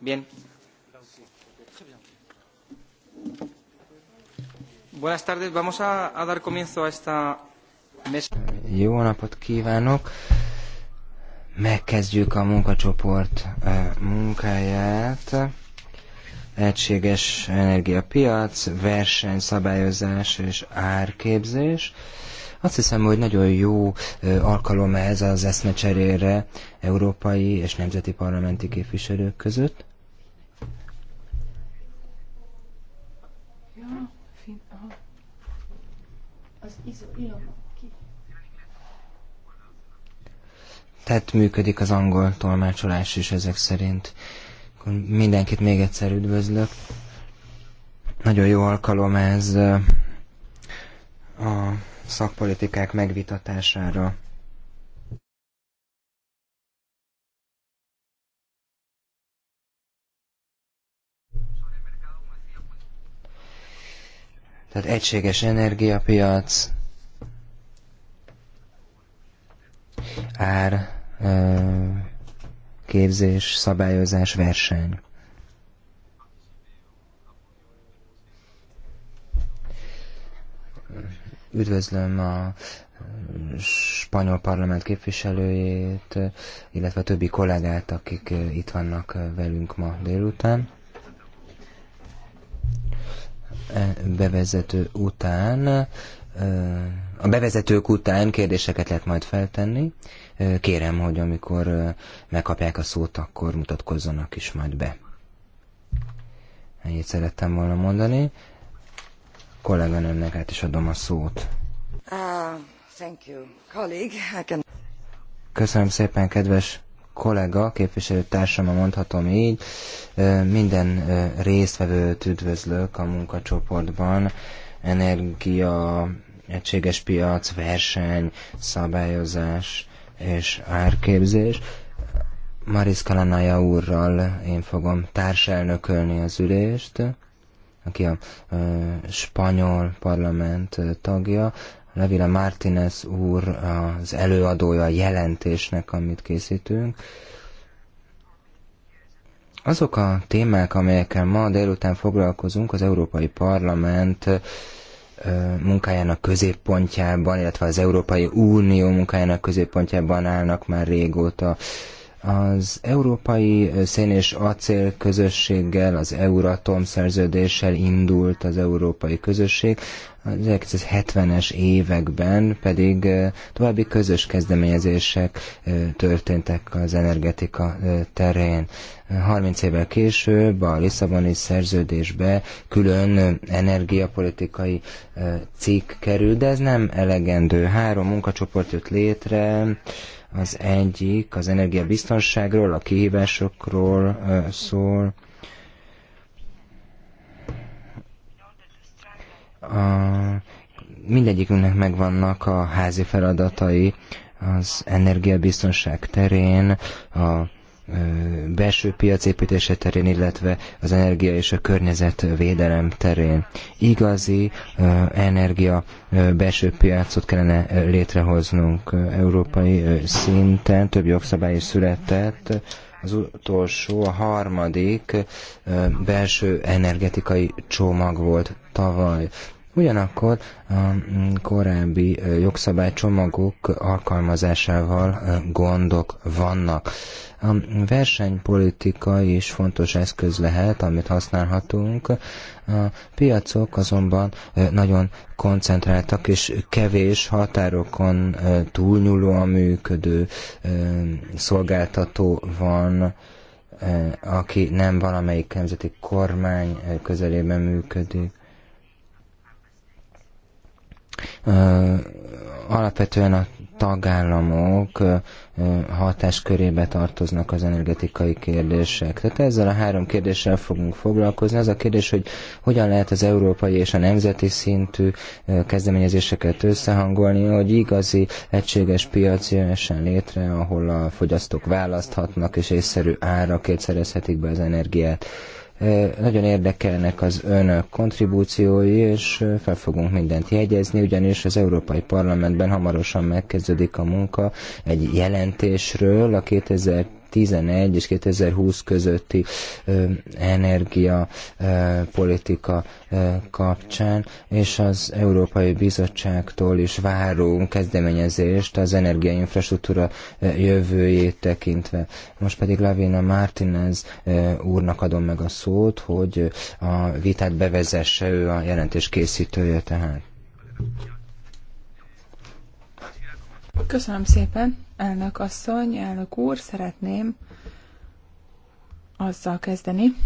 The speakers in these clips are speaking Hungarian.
bien. Buenas tardes. Vamos a, a dar comienzo a esta mesa. Jó napot kívánok! Megkezdjük a munkacsoport munkáját. Egységes energiapiac, versenyszabályozás és árképzés. Azt hiszem, hogy nagyon jó alkalom ez az eszmecserére európai és nemzeti parlamenti képviselők között. Ja, aha. Az tehát működik az angol tolmácsolás is ezek szerint. mindenkit még egyszer üdvözlök. Nagyon jó alkalom ez a szakpolitikák megvitatására. Tehát egységes energiapiac, ár, képzés, szabályozás, verseny. Üdvözlöm a spanyol parlament képviselőjét, illetve a többi kollégát, akik itt vannak velünk ma délután. E, bevezető után, a bevezetők után kérdéseket lehet majd feltenni. Kérem, hogy amikor megkapják a szót, akkor mutatkozzanak is majd be. Ennyit szerettem volna mondani kolléganőmnek át is adom a szót. Uh, thank you, colleague. I can... Köszönöm szépen, kedves kollega, képviselőtársam, mondhatom így. Minden résztvevőt üdvözlök a munkacsoportban. Energia, egységes piac, verseny, szabályozás és árképzés. Mariska Lanaja úrral én fogom társelnökölni az ülést aki a spanyol parlament tagja, Levila Martínez úr az előadója a jelentésnek, amit készítünk. Azok a témák, amelyekkel ma délután foglalkozunk, az Európai Parlament munkájának középpontjában, illetve az Európai Unió munkájának középpontjában állnak már régóta. Az Európai Szén és Acél Közösséggel, az Euratom szerződéssel indult az Európai Közösség, az 1970-es években pedig további közös kezdeményezések történtek az energetika terén. 30 évvel később a Lisszaboni szerződésbe külön energiapolitikai cikk került, de ez nem elegendő. Három munkacsoport jött létre, az egyik az energiabiztonságról, a kihívásokról szól. A, mindegyikünknek megvannak a házi feladatai az energiabiztonság terén, a belső piacépítése terén, illetve az energia és a környezet védelem terén. Igazi energia belső piacot kellene létrehoznunk európai szinten, több jogszabály is született, az utolsó, a harmadik belső energetikai csomag volt tavaly. Ugyanakkor a mm, korábbi jogszabálycsomagok alkalmazásával gondok vannak. A versenypolitika is fontos eszköz lehet, amit használhatunk. A piacok azonban nagyon koncentráltak és kevés határokon túlnyúlóan működő szolgáltató van aki nem valamelyik nemzeti kormány közelében működik. Alapvetően a tagállamok hatáskörébe tartoznak az energetikai kérdések. Tehát ezzel a három kérdéssel fogunk foglalkozni. Az a kérdés, hogy hogyan lehet az európai és a nemzeti szintű kezdeményezéseket összehangolni, hogy igazi egységes piac jöjjön létre, ahol a fogyasztók választhatnak és észszerű árakért szerezhetik be az energiát. Nagyon érdekelnek az önök kontribúciói, és fel fogunk mindent jegyezni, ugyanis az Európai Parlamentben hamarosan megkezdődik a munka egy jelentésről a 2000 2011 és 2020 közötti energiapolitika kapcsán, és az Európai Bizottságtól is várunk kezdeményezést az energiainfrastruktúra jövőjét tekintve. Most pedig Lavina Martinez úrnak adom meg a szót, hogy a vitát bevezesse ő a jelentés készítője tehát. Köszönöm szépen. Elnök asszony, elnök úr, szeretném azzal kezdeni,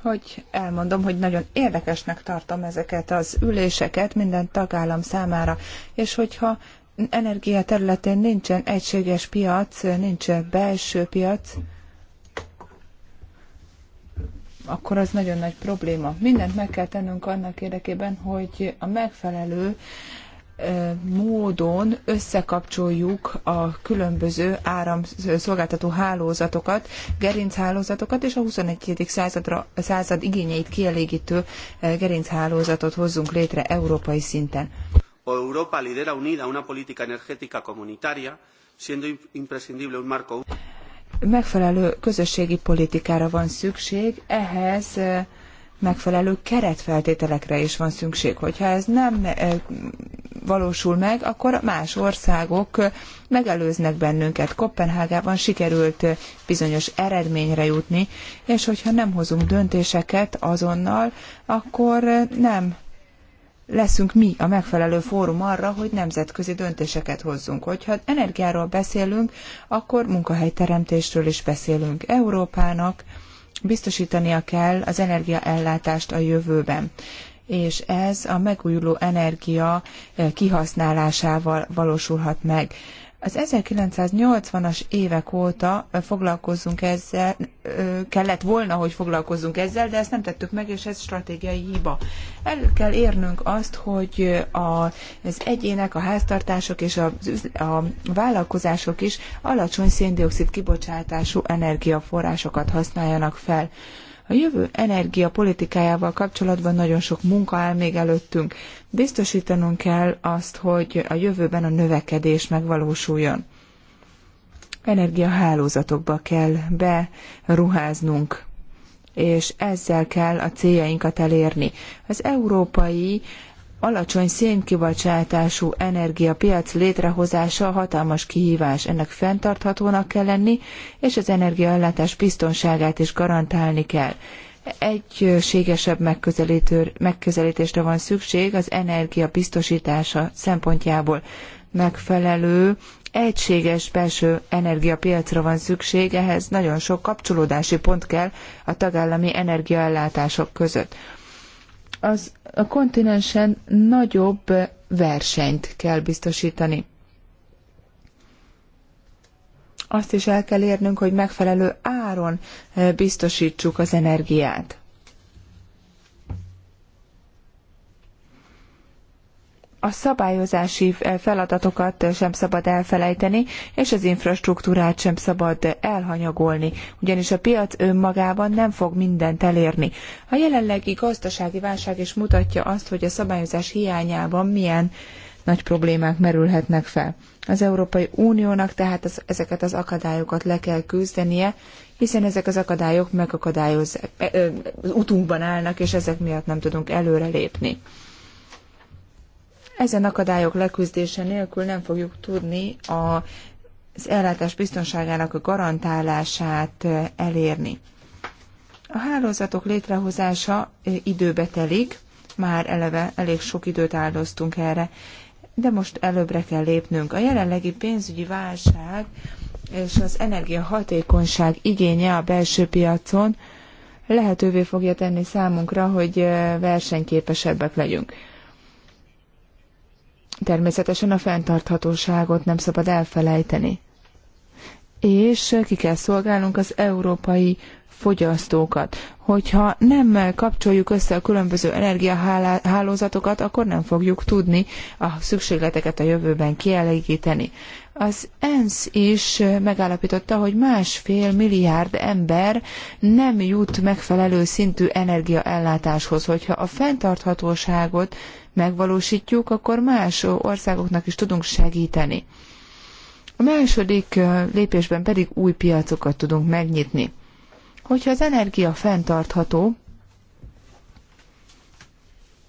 hogy elmondom, hogy nagyon érdekesnek tartom ezeket az üléseket minden tagállam számára, és hogyha energia területén nincsen egységes piac, nincs belső piac, akkor az nagyon nagy probléma. Mindent meg kell tennünk annak érdekében, hogy a megfelelő módon összekapcsoljuk a különböző áramszolgáltató hálózatokat, gerinchálózatokat, és a 21. Századra, század igényeit kielégítő gerinchálózatot hozzunk létre európai szinten. Europa lidera unida una política energética comunitaria, siendo imprescindible un marco... Megfelelő közösségi politikára van szükség, ehhez megfelelő keretfeltételekre is van szükség. Hogyha ez nem eh, valósul meg, akkor más országok eh, megelőznek bennünket. Kopenhágában sikerült eh, bizonyos eredményre jutni, és hogyha nem hozunk döntéseket azonnal, akkor nem leszünk mi a megfelelő fórum arra, hogy nemzetközi döntéseket hozzunk. Hogyha energiáról beszélünk, akkor munkahelyteremtésről is beszélünk Európának, biztosítania kell az energiaellátást a jövőben és ez a megújuló energia eh, kihasználásával valósulhat meg. Az 1980-as évek óta foglalkozzunk ezzel, kellett volna, hogy foglalkozzunk ezzel, de ezt nem tettük meg, és ez stratégiai hiba. El kell érnünk azt, hogy az egyének, a háztartások és a, vállalkozások is alacsony széndiokszid kibocsátású energiaforrásokat használjanak fel. A jövő energiapolitikájával kapcsolatban nagyon sok munka áll még előttünk. Biztosítanunk kell azt, hogy a jövőben a növekedés megvalósuljon. Energiahálózatokba kell beruháznunk, és ezzel kell a céljainkat elérni. Az európai alacsony szénkibocsátású energiapiac létrehozása hatalmas kihívás. Ennek fenntarthatónak kell lenni, és az energiaellátás biztonságát is garantálni kell. Egységesebb megközelítésre van szükség az energia biztosítása szempontjából megfelelő, egységes belső energiapiacra van szükség, ehhez nagyon sok kapcsolódási pont kell a tagállami energiaellátások között. Az a kontinensen nagyobb versenyt kell biztosítani azt is el kell érnünk, hogy megfelelő áron eh, biztosítsuk az energiát. a szabályozási eh, feladatokat eh, sem szabad elfelejteni, és az infrastruktúrát sem szabad elhanyagolni, ugyanis a piac önmagában nem fog mindent elérni. A jelenlegi gazdasági válság is mutatja azt, hogy a szabályozás hiányában milyen nagy problémák merülhetnek fel. Az Európai Uniónak tehát az, ezeket az akadályokat le kell küzdenie, hiszen ezek az akadályok megakadályozzák, e, az utunkban állnak, és ezek miatt nem tudunk előrelépni. Ezen akadályok leküzdése nélkül nem fogjuk tudni a, az ellátás biztonságának a garantálását elérni. A hálózatok létrehozása időbe telik, már eleve elég sok időt áldoztunk erre de most előbbre kell lépnünk. A jelenlegi pénzügyi válság és az energiahatékonyság igénye a belső piacon lehetővé fogja tenni számunkra, hogy versenyképesebbek legyünk. Természetesen a fenntarthatóságot nem szabad elfelejteni és ki kell szolgálnunk az európai fogyasztókat. Hogyha nem kapcsoljuk össze a különböző energiahálózatokat, akkor nem fogjuk tudni a szükségleteket a jövőben kielégíteni. Az ENSZ is megállapította, hogy másfél milliárd ember nem jut megfelelő szintű energiaellátáshoz. Hogyha a fenntarthatóságot megvalósítjuk, akkor más országoknak is tudunk segíteni. A második lépésben pedig új piacokat tudunk megnyitni. Hogyha az energia fenntartható,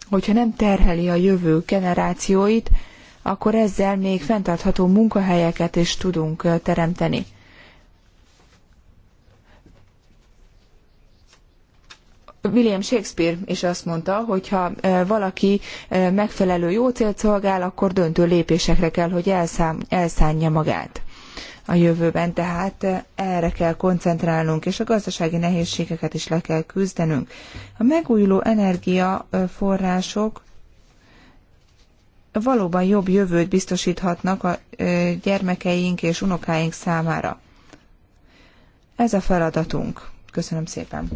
hogyha nem terheli a jövő generációit, akkor ezzel még fenntartható munkahelyeket is tudunk teremteni. William Shakespeare is azt mondta, hogy ha e, valaki e, megfelelő jó célt szolgál, akkor döntő lépésekre kell, hogy elszánja magát a jövőben. Tehát e, erre kell koncentrálnunk, és a gazdasági nehézségeket is le kell küzdenünk. A megújuló energiaforrások valóban jobb jövőt biztosíthatnak a gyermekeink és unokáink számára. Ez a feladatunk. Köszönöm szépen.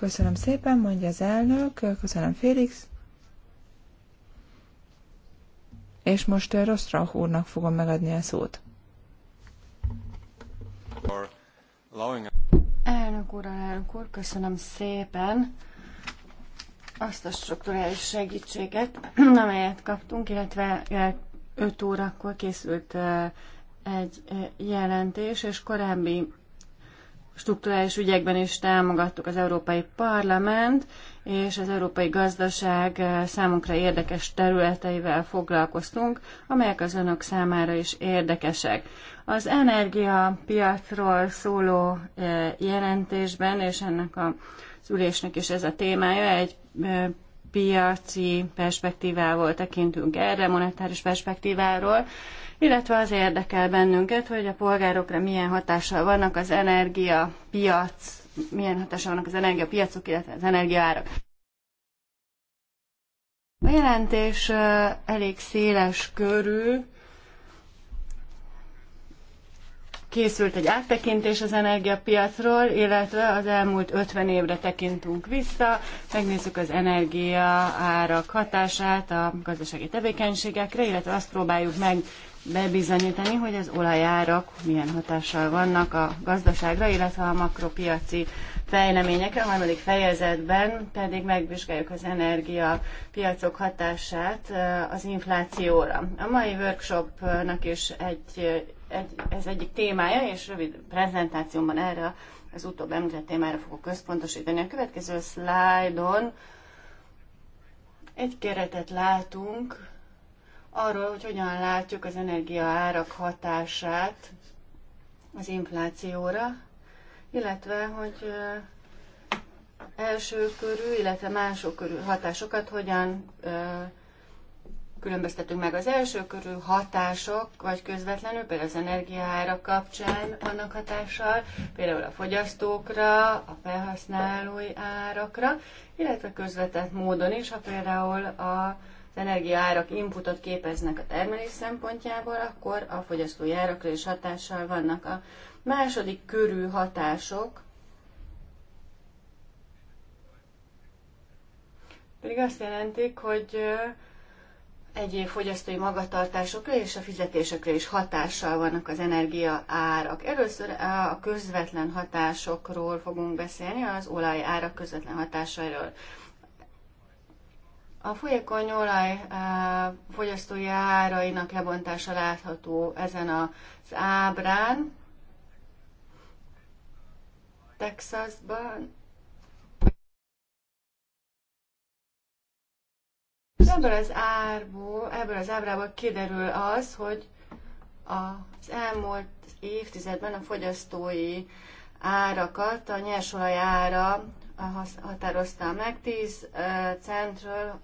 Köszönöm szépen, mondja az elnök. Köszönöm, Félix. És most eh, Rostrach úrnak fogom megadni a szót. Elnök úr, elnök úr, köszönöm szépen azt a strukturális segítséget, amelyet kaptunk, illetve 5 eh, órakor készült eh, egy jelentés, és korábbi strukturális ügyekben is támogattuk az Európai Parlament, és az európai gazdaság eh, számunkra érdekes területeivel foglalkoztunk, amelyek az önök számára is érdekesek. Az energiapiacról szóló eh, jelentésben, és ennek a az ülésnek is ez a témája, egy eh, piaci perspektívával tekintünk erre, monetáris perspektíváról, illetve az érdekel bennünket, hogy a polgárokra milyen hatással vannak az energiapiac, milyen hatással vannak az energiapiacok, illetve az energiaárak. A jelentés elég széles körül, készült egy áttekintés az energiapiacról, illetve az elmúlt 50 évre tekintünk vissza, megnézzük az energia árak hatását a gazdasági tevékenységekre, illetve azt próbáljuk meg bebizonyítani, hogy az olajárak milyen hatással vannak a gazdaságra, illetve a makropiaci fejleményekre. A harmadik fejezetben pedig megvizsgáljuk az energia piacok hatását az inflációra. A mai workshopnak is egy egy, ez egyik témája, és rövid prezentációmban erre az utóbb említett témára fogok központosítani. A következő szlájdon egy keretet látunk arról, hogy hogyan látjuk az energiaárak hatását az inflációra, illetve hogy első körül illetve mások körül hatásokat hogyan különböztetünk meg. Az első körű hatások, vagy közvetlenül, például az energiaára kapcsán vannak hatással, például a fogyasztókra, a felhasználói árakra, illetve közvetett módon is, ha például a az energiaárak inputot képeznek a termelés szempontjából, akkor a fogyasztói árakra is hatással vannak. A második körű hatások pedig azt jelentik, hogy egyéb fogyasztói magatartásokra és a fizetésekre is hatással vannak az energia árak. Először a közvetlen hatásokról fogunk beszélni, az olaj árak közvetlen hatásairól. A folyékony olaj eh, fogyasztói árainak lebontása látható ezen az ábrán. Texasban Ebből az, árból, ebből az ábrából kiderül az, hogy az elmúlt évtizedben a fogyasztói árakat a nyersolaj ára határozta meg, 10 centről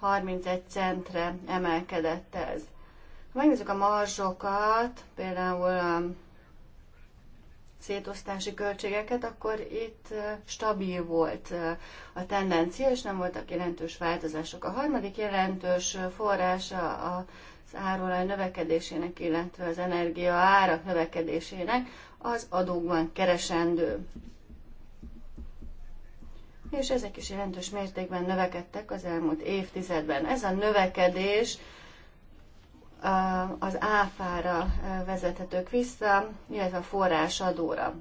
31 centre emelkedett ez. Ha megnézzük a marzsokat, például szétosztási költségeket, akkor itt stabil volt a tendencia, és nem voltak jelentős változások. A harmadik jelentős forrása az árolaj növekedésének, illetve az energia árak növekedésének az adókban keresendő. És ezek is jelentős mértékben növekedtek az elmúlt évtizedben. Ez a növekedés az áfára vezethetők vissza, illetve a forrásadóra.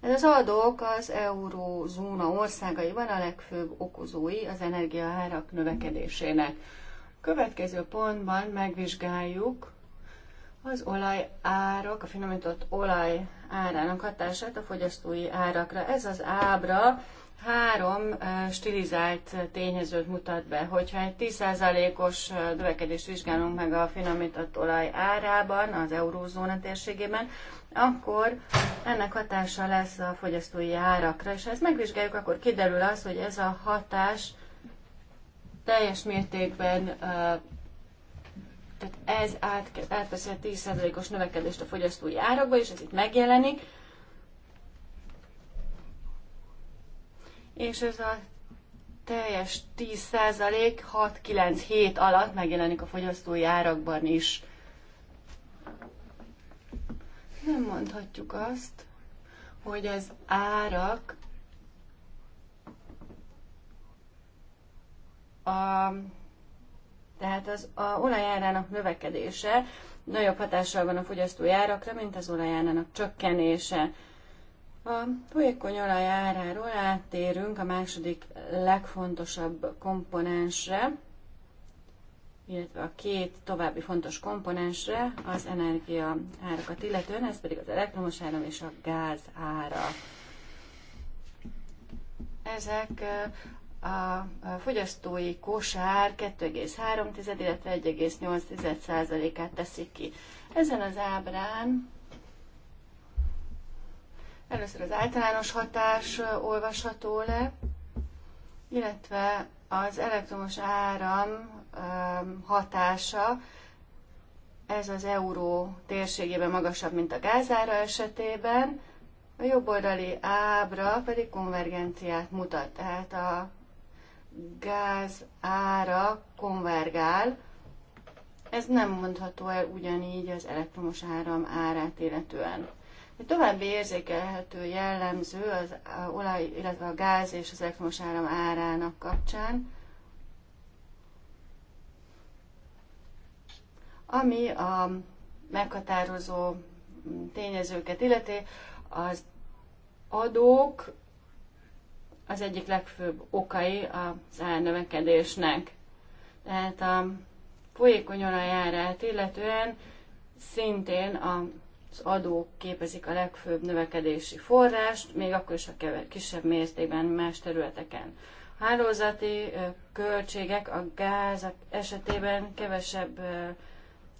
Ez az adók az eurózóna országaiban a legfőbb okozói az energiaárak növekedésének. A következő pontban megvizsgáljuk az olajárak, a finomított olaj árának hatását a fogyasztói árakra. Ez az ábra három stilizált tényezőt mutat be. Hogyha egy 10%-os növekedést vizsgálunk meg a finomított olaj árában, az eurózóna térségében, akkor ennek hatása lesz a fogyasztói árakra, és ha ezt megvizsgáljuk, akkor kiderül az, hogy ez a hatás teljes mértékben tehát ez átveszi a 10%-os növekedést a fogyasztói árakba, és ez itt megjelenik, és ez a teljes 10% 6-9 7 alatt megjelenik a fogyasztói árakban is. Nem mondhatjuk azt, hogy az árak a, tehát az a olajárának növekedése nagyobb hatással van a fogyasztói árakra, mint az olajárának csökkenése. A folyékony olaj áráról áttérünk a második legfontosabb komponensre, illetve a két további fontos komponensre az energia árakat illetően, ez pedig az elektromos áram és a gáz ára. Ezek eh, a fogyasztói kosár 2,3, illetve 1,8%-át teszik ki. Ezen az ábrán Először az általános hatás olvasható le, illetve az elektromos áram hatása, ez az euró térségében magasabb, mint a gázára esetében, a jobb oldali ábra pedig konvergenciát mutat, tehát a gáz ára konvergál. Ez nem mondható el ugyanígy az elektromos áram árát illetően. A további érzékelhető jellemző az olaj, illetve a gáz és az elektromos áram árának kapcsán, ami a meghatározó tényezőket illeti, az adók az egyik legfőbb okai az árnövekedésnek. Tehát a folyékony olajárát illetően szintén a az adók képezik a legfőbb növekedési forrást, még akkor is a kisebb mértékben más területeken. A hálózati költségek a gáz esetében kevesebb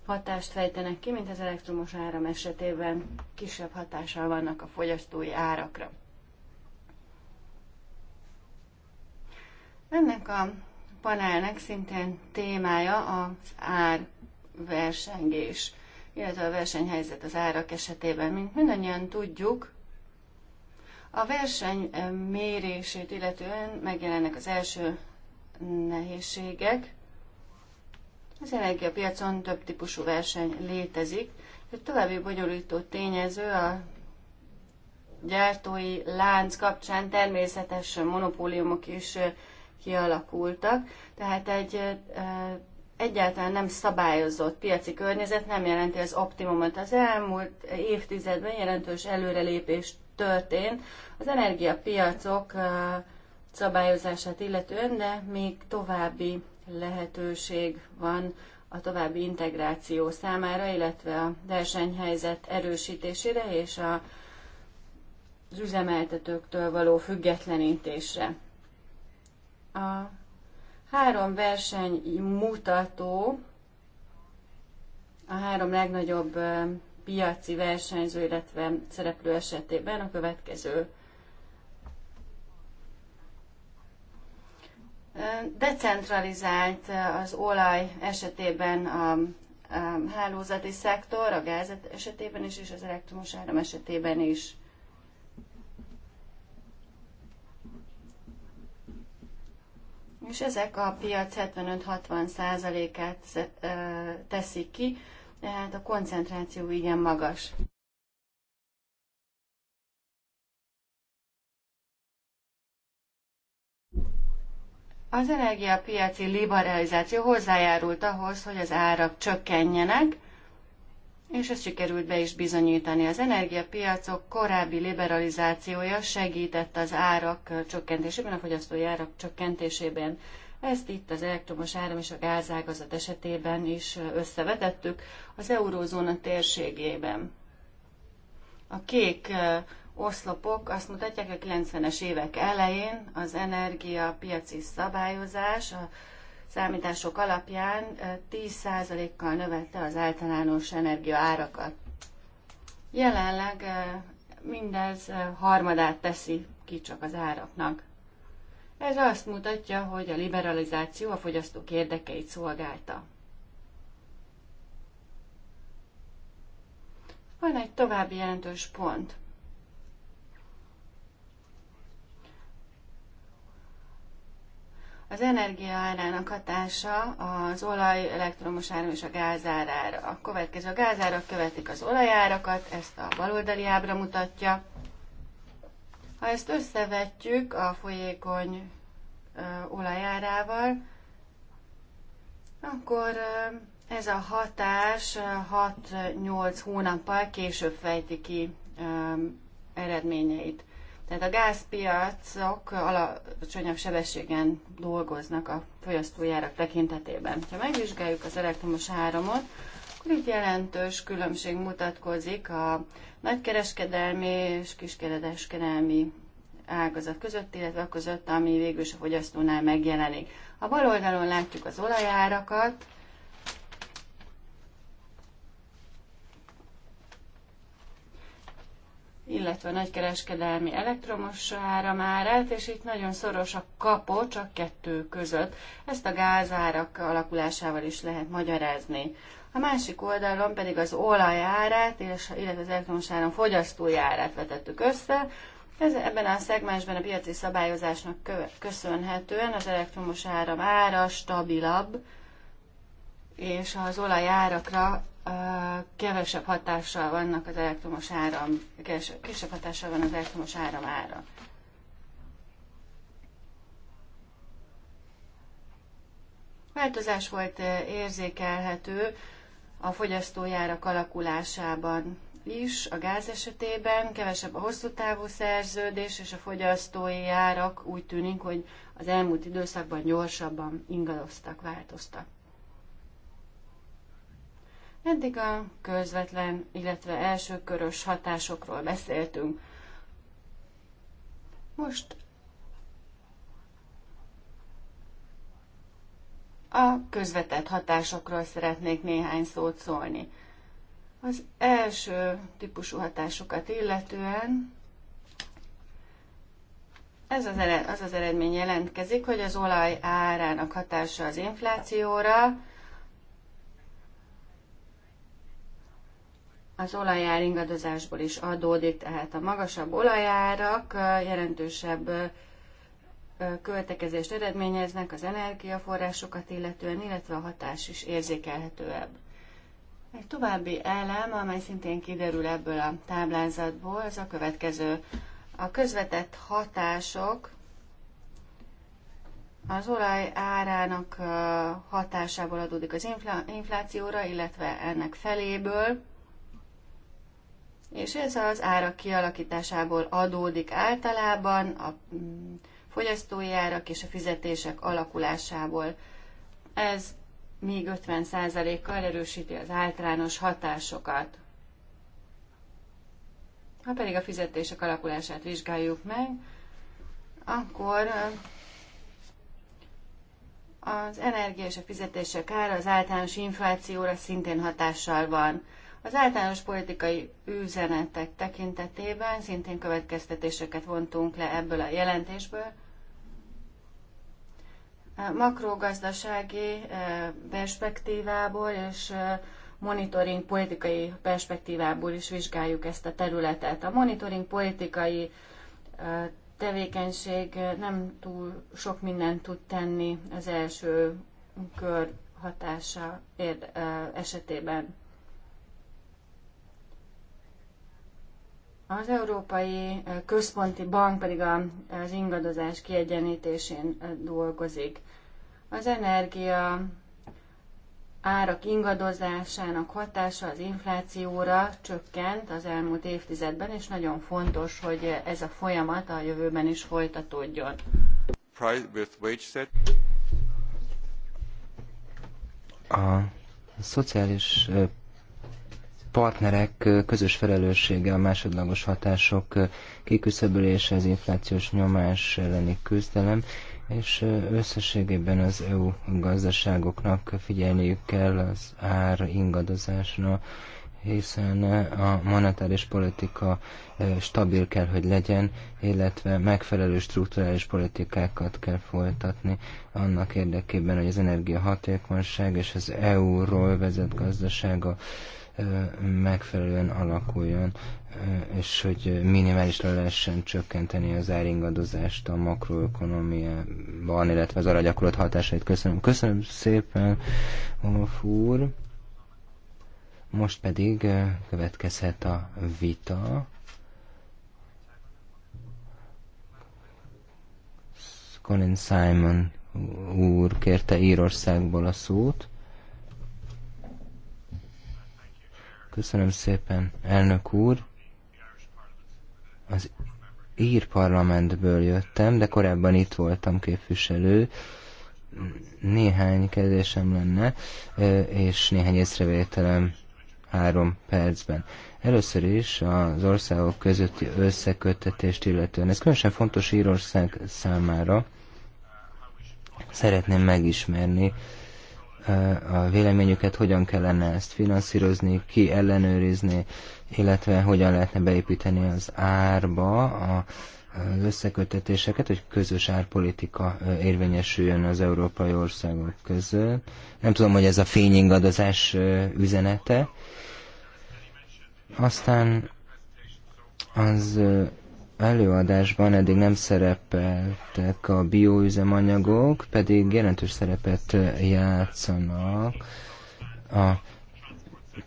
hatást fejtenek ki, mint az elektromos áram esetében kisebb hatással vannak a fogyasztói árakra. Ennek a panelnek szintén témája az árversengés illetve a versenyhelyzet az árak esetében. Mint mindannyian tudjuk, a verseny mérését illetően megjelennek az első nehézségek. Az energiapiacon több típusú verseny létezik. Egy további bonyolító tényező a gyártói lánc kapcsán természetes monopóliumok is kialakultak. Tehát egy egyáltalán nem szabályozott piaci környezet nem jelenti az optimumot. Az elmúlt évtizedben jelentős előrelépés történt az energiapiacok szabályozását illetően, de még további lehetőség van a további integráció számára, illetve a versenyhelyzet erősítésére és a, az üzemeltetőktől való függetlenítésre. A Három mutató, a három legnagyobb piaci versenyző, illetve szereplő esetében a következő. Decentralizált az olaj esetében a hálózati szektor, a gáz esetében is, és az elektromos áram esetében is. és ezek a piac 75-60%-át teszik ki, tehát a koncentráció igen magas. Az energiapiaci liberalizáció hozzájárult ahhoz, hogy az árak csökkenjenek, és ezt sikerült be is bizonyítani. Az energiapiacok korábbi liberalizációja segített az árak csökkentésében, a fogyasztói árak csökkentésében. Ezt itt az elektromos áram és a gázágazat esetében is összevetettük az eurózóna térségében. A kék oszlopok azt mutatják, hogy a 90-es évek elején az energiapiaci szabályozás, a számítások alapján 10%-kal növelte az általános energiaárakat. Jelenleg mindez harmadát teszi ki csak az áraknak. Ez azt mutatja, hogy a liberalizáció a fogyasztók érdekeit szolgálta. Van egy további jelentős pont. Az energia árának hatása az olaj, elektromos áram és a gázárára. A következő a gázárak követik az olajárakat, ezt a baloldali ábra mutatja. Ha ezt összevetjük a folyékony olajárával, akkor ez a hatás 6-8 hónappal később fejti ki eredményeit. Tehát a gázpiacok alacsonyabb sebességen dolgoznak a fogyasztójárak tekintetében. Ha megvizsgáljuk az elektromos áramot, akkor itt jelentős különbség mutatkozik a nagykereskedelmi és kiskereskedelmi ágazat között, illetve a között, ami végül is a fogyasztónál megjelenik. A bal oldalon látjuk az olajárakat, illetve a nagykereskedelmi elektromos áramárát, és itt nagyon szoros a kapocs a kettő között. Ezt a gázárak alakulásával is lehet magyarázni. A másik oldalon pedig az olajárát, illetve az elektromos áram fogyasztói árát vetettük össze. Ez, ebben a szegmensben a piaci szabályozásnak köszönhetően az elektromos áram ára stabilabb, és az olajárakra kevesebb hatással vannak az elektromos áram, kisebb hatással van az elektromos áram ára. Változás volt eh, érzékelhető a fogyasztójárak alakulásában is, a gáz esetében kevesebb a hosszú távú szerződés, és a fogyasztói árak úgy tűnik, hogy az elmúlt időszakban gyorsabban ingadoztak, változtak. Eddig a közvetlen, illetve elsőkörös hatásokról beszéltünk. Most a közvetett hatásokról szeretnék néhány szót szólni. Az első típusú hatásokat illetően ez az, ered, az az eredmény jelentkezik, hogy az olaj árának hatása az inflációra, az olajár ingadozásból is adódik, tehát a magasabb olajárak jelentősebb költekezést eredményeznek az energiaforrásokat illetően, illetve a hatás is érzékelhetőebb. Egy további elem, amely szintén kiderül ebből a táblázatból, az a következő. A közvetett hatások az olaj árának hatásából adódik az inflációra, illetve ennek feléből, és ez az árak kialakításából adódik általában a mm, fogyasztói árak és a fizetések alakulásából. Ez még 50%-kal erősíti az általános hatásokat. Ha pedig a fizetések alakulását vizsgáljuk meg, akkor eh, az energia és a fizetések ára az általános inflációra szintén hatással van. Az általános politikai üzenetek tekintetében szintén következtetéseket vontunk le ebből a jelentésből. makrogazdasági eh, perspektívából és eh, monitoring politikai perspektívából is vizsgáljuk ezt a területet. A monitoring politikai eh, tevékenység nem túl sok mindent tud tenni az első kör hatása esetében. Az Európai Központi Bank pedig az ingadozás kiegyenítésén dolgozik. Az energia árak ingadozásának hatása az inflációra csökkent az elmúlt évtizedben, és nagyon fontos, hogy ez a folyamat a jövőben is folytatódjon. A szociális partnerek közös felelőssége a másodlagos hatások kiküszöbölése, az inflációs nyomás elleni küzdelem, és összességében az EU gazdaságoknak figyelniük kell az ár ingadozásra, hiszen a monetáris politika stabil kell, hogy legyen, illetve megfelelő strukturális politikákat kell folytatni annak érdekében, hogy az energiahatékonyság és az EU-ról vezet gazdasága megfelelően alakuljon, és hogy minimálisra lehessen csökkenteni az áringadozást a makroökonomiában, illetve az arra gyakorolt hatásait. Köszönöm. Köszönöm szépen, Olaf úr. Most pedig következhet a vita. Colin Simon úr kérte Írországból a szót. Köszönöm szépen, elnök úr. Az ír parlamentből jöttem, de korábban itt voltam képviselő. Néhány kérdésem lenne, és néhány észrevételem három percben. Először is az országok közötti összeköttetést illetően. Ez különösen fontos Írország számára. Szeretném megismerni Eh, a véleményüket, hogyan kellene ezt finanszírozni, ki ellenőrizni, illetve hogyan lehetne beépíteni az árba a az összekötetéseket, hogy közös árpolitika eh, érvényesüljön az európai országok között. Nem tudom, hogy ez a fényingadozás eh, üzenete. Aztán az előadásban eddig nem szerepeltek a bioüzemanyagok, pedig jelentős szerepet játszanak a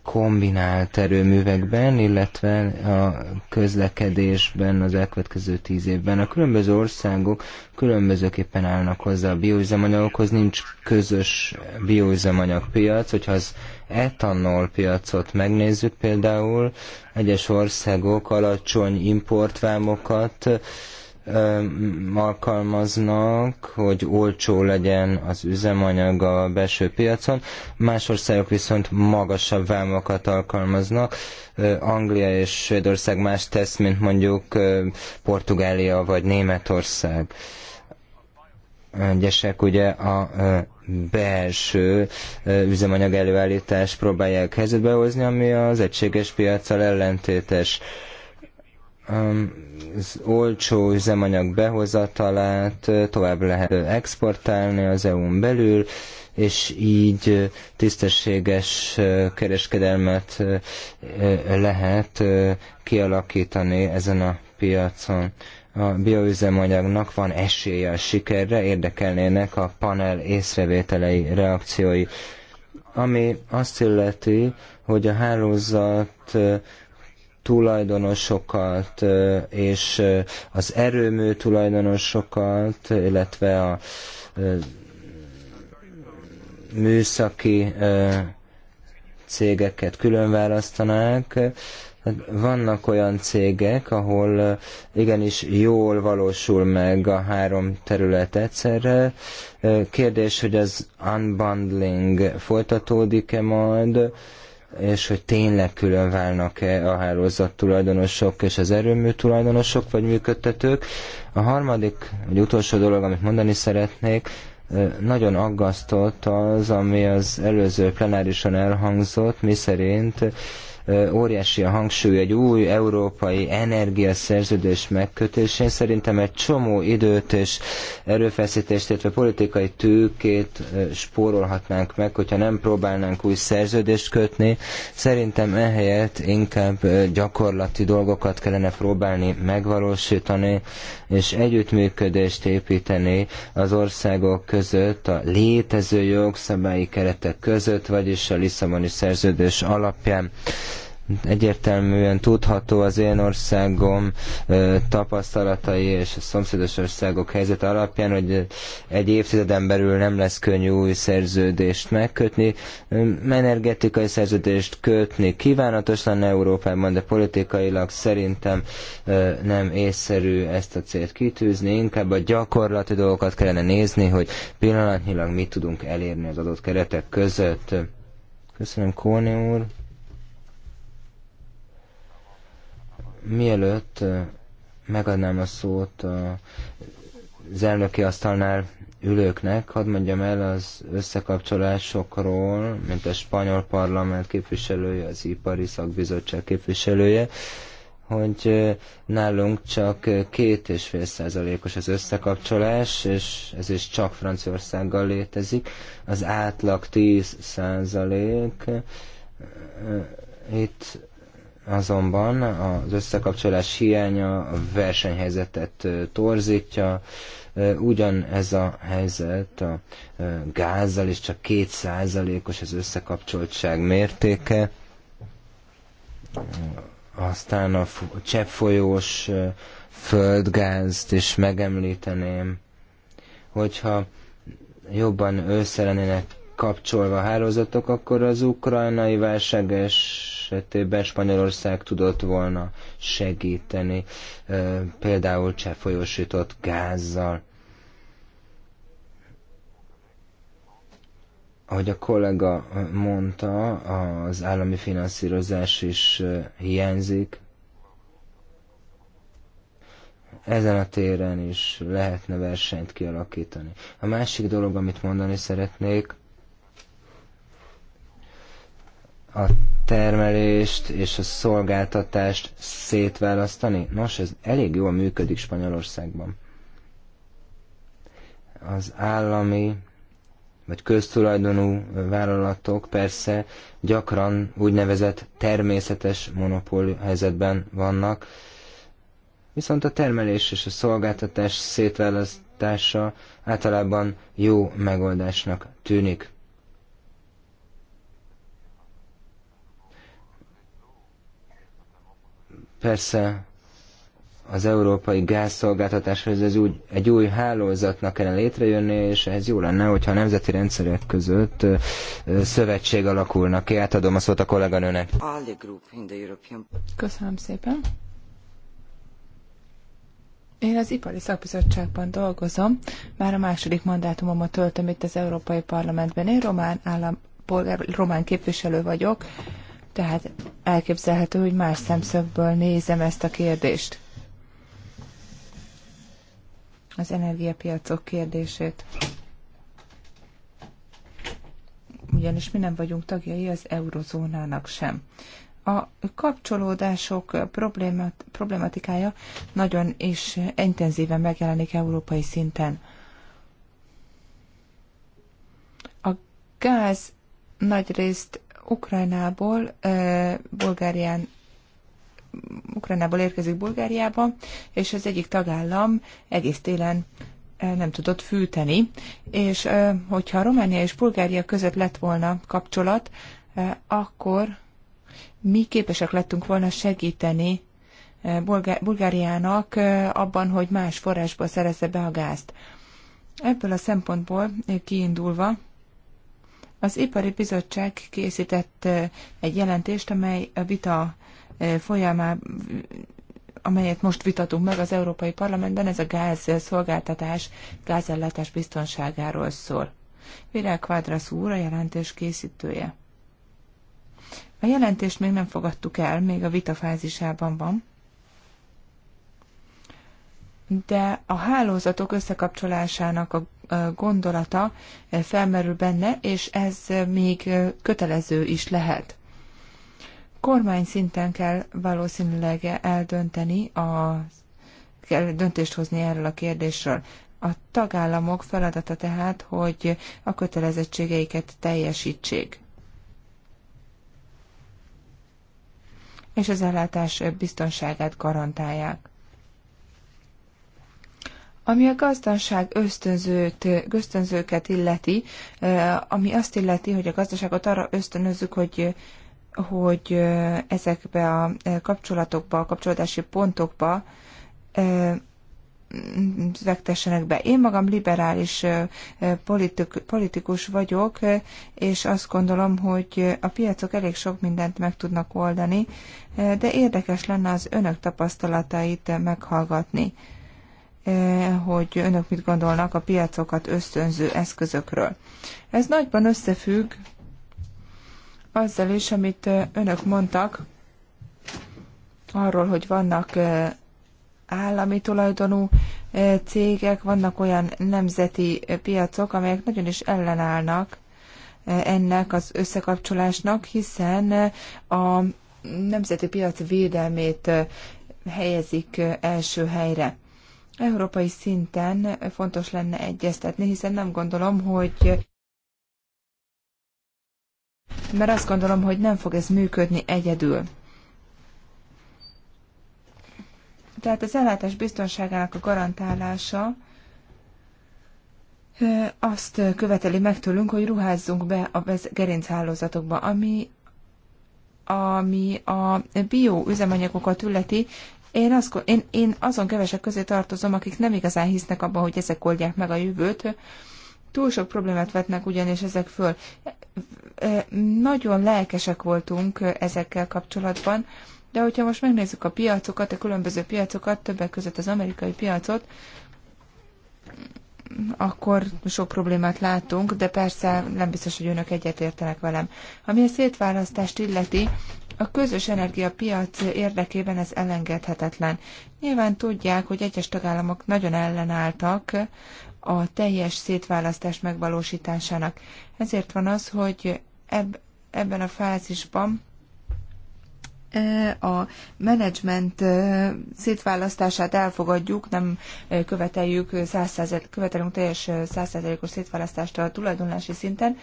kombinált erőművekben, illetve a közlekedésben az elkövetkező tíz évben. A különböző országok különbözőképpen állnak hozzá a bioüzemanyagokhoz, nincs közös bioüzemanyagpiac, hogyha az etanol piacot megnézzük például, egyes országok alacsony importvámokat alkalmaznak, hogy olcsó legyen az üzemanyag a belső piacon, más országok viszont magasabb vámokat alkalmaznak. Anglia és Svédország más tesz, mint mondjuk Portugália vagy Németország. Egyesek ugye a belső üzemanyag előállítást próbálják helyzetbe hozni, ami az egységes piaccal ellentétes az olcsó üzemanyag behozatalát tovább lehet exportálni az EU-n belül, és így tisztességes kereskedelmet lehet kialakítani ezen a piacon. A bioüzemanyagnak van esélye a sikerre, érdekelnének a panel észrevételei, reakciói. Ami azt illeti, hogy a hálózat tulajdonosokat és az erőmű tulajdonosokat, illetve a műszaki cégeket külön választanák. Hát vannak olyan cégek, ahol igenis jól valósul meg a három terület egyszerre. Kérdés, hogy az unbundling folytatódik-e majd, és hogy tényleg külön válnak-e a hálózat tulajdonosok és az erőmű tulajdonosok vagy működtetők. A harmadik, vagy utolsó dolog, amit mondani szeretnék, nagyon aggasztott az, ami az előző plenárison elhangzott, miszerint szerint óriási a hangsúly egy új európai energiaszerződés megkötésén. Szerintem egy csomó időt és erőfeszítést, illetve politikai tőkét spórolhatnánk meg, hogyha nem próbálnánk új szerződést kötni. Szerintem ehelyett inkább gyakorlati dolgokat kellene próbálni megvalósítani, és együttműködést építeni az országok között, a létező jogszabályi keretek között, vagyis a Lisszaboni szerződés alapján Egyértelműen tudható az én országom tapasztalatai és a szomszédos országok helyzet alapján, hogy egy évtizeden belül nem lesz könnyű új szerződést megkötni. Energetikai szerződést kötni kívánatos lenne Európában, de politikailag szerintem nem észszerű ezt a célt kitűzni. Inkább a gyakorlati dolgokat kellene nézni, hogy pillanatnyilag mit tudunk elérni az adott keretek között. Köszönöm, Kóni úr. Mielőtt megadnám a szót az elnöki asztalnál ülőknek, hadd mondjam el az összekapcsolásokról, mint a spanyol parlament képviselője, az ipari szakbizottság képviselője, hogy nálunk csak két és fél százalékos az összekapcsolás, és ez is csak Franciaországgal létezik. Az átlag 10 százalék. Itt Azonban az összekapcsolás hiánya a versenyhelyzetet torzítja, ugyan ez a helyzet a gázzal is csak kétszázalékos az összekapcsoltság mértéke, aztán a cseppfolyós földgázt is megemlíteném, hogyha jobban össze lennének kapcsolva hálózatok, akkor az ukrajnai válságes esetében Spanyolország tudott volna segíteni, például cseh folyósított gázzal. ahogy a kollega mondta, az állami finanszírozás is hiányzik. Ezen a téren is lehetne versenyt kialakítani. A másik dolog, amit mondani szeretnék, a termelést és a szolgáltatást szétválasztani? Nos, ez elég jól működik Spanyolországban. Az állami vagy köztulajdonú vállalatok persze gyakran úgynevezett természetes monopól helyzetben vannak, viszont a termelés és a szolgáltatás szétválasztása általában jó megoldásnak tűnik. Persze az európai gázszolgáltatáshoz ez úgy, egy új hálózatnak kellene létrejönni, és ez jó lenne, hogyha a nemzeti rendszerek között szövetség alakulnak ki. Átadom a szót a kolléganőnek. Köszönöm szépen. Én az Ipari Szakbizottságban dolgozom, már a második mandátumomat töltöm itt az Európai Parlamentben. Én román állam, polgár, román képviselő vagyok, tehát elképzelhető, hogy más szemszögből nézem ezt a kérdést. Az energiapiacok kérdését. Ugyanis mi nem vagyunk tagjai az eurozónának sem. A kapcsolódások problémat, problematikája nagyon és intenzíven megjelenik európai szinten. A gáz nagyrészt Ukrajnából, Bulgárián Ukrajnából érkezik Bulgáriába, és az egyik tagállam egész télen nem tudott fűteni, és hogyha Románia és Bulgária között lett volna kapcsolat, akkor mi képesek lettünk volna segíteni Bulgáriának abban, hogy más forrásból szerezze be a gázt. Ebből a szempontból kiindulva az Ipari Bizottság készített egy jelentést, amely a vita folyamán, amelyet most vitatunk meg az Európai Parlamentben, ez a gáz szolgáltatás gázellátás biztonságáról szól. Virág Kvadrasz úr a jelentés készítője. A jelentést még nem fogadtuk el, még a vita fázisában van. De a hálózatok összekapcsolásának a gondolata felmerül benne, és ez még kötelező is lehet. Kormány szinten kell valószínűleg eldönteni a kell döntést hozni erről a kérdésről. A tagállamok feladata tehát, hogy a kötelezettségeiket teljesítsék. és az ellátás biztonságát garantálják. Ami a gazdaság ösztönzőt, ösztönzőket illeti, ami azt illeti, hogy a gazdaságot arra ösztönözzük, hogy hogy ezekbe a kapcsolatokba, a kapcsolódási pontokba vektessenek be. Én magam liberális politik, politikus vagyok, és azt gondolom, hogy a piacok elég sok mindent meg tudnak oldani, de érdekes lenne az önök tapasztalatait meghallgatni. E, hogy önök mit gondolnak a piacokat ösztönző eszközökről. Ez nagyban összefügg azzal is, amit e, önök mondtak, arról, hogy vannak e, állami tulajdonú cégek, vannak olyan nemzeti piacok, amelyek nagyon is ellenállnak ennek az összekapcsolásnak, hiszen a nemzeti piac védelmét helyezik első helyre európai szinten fontos lenne egyeztetni, hiszen nem gondolom, hogy mert azt gondolom, hogy nem fog ez működni egyedül. Tehát az ellátás biztonságának a garantálása azt követeli meg tőlünk, hogy ruházzunk be a gerinchálózatokba, ami ami a bio üzemanyagokat ülleti. Én, az, én, én azon kevesek közé tartozom, akik nem igazán hisznek abban, hogy ezek oldják meg a jövőt. Túl sok problémát vetnek ugyanis ezek föl. Nagyon lelkesek voltunk ezekkel kapcsolatban, de hogyha most megnézzük a piacokat, a különböző piacokat, többek között az amerikai piacot, akkor sok problémát látunk, de persze nem biztos, hogy önök egyetértenek velem. Ami a szétválasztást illeti, a közös energiapiac érdekében ez elengedhetetlen. Nyilván tudják, hogy egyes tagállamok nagyon ellenálltak a teljes szétválasztás megvalósításának. Ezért van az, hogy eb- ebben a fázisban a menedzsment szétválasztását elfogadjuk, nem követeljük 100 követelünk teljes százszázalékos szétválasztást a tulajdonlási szinten,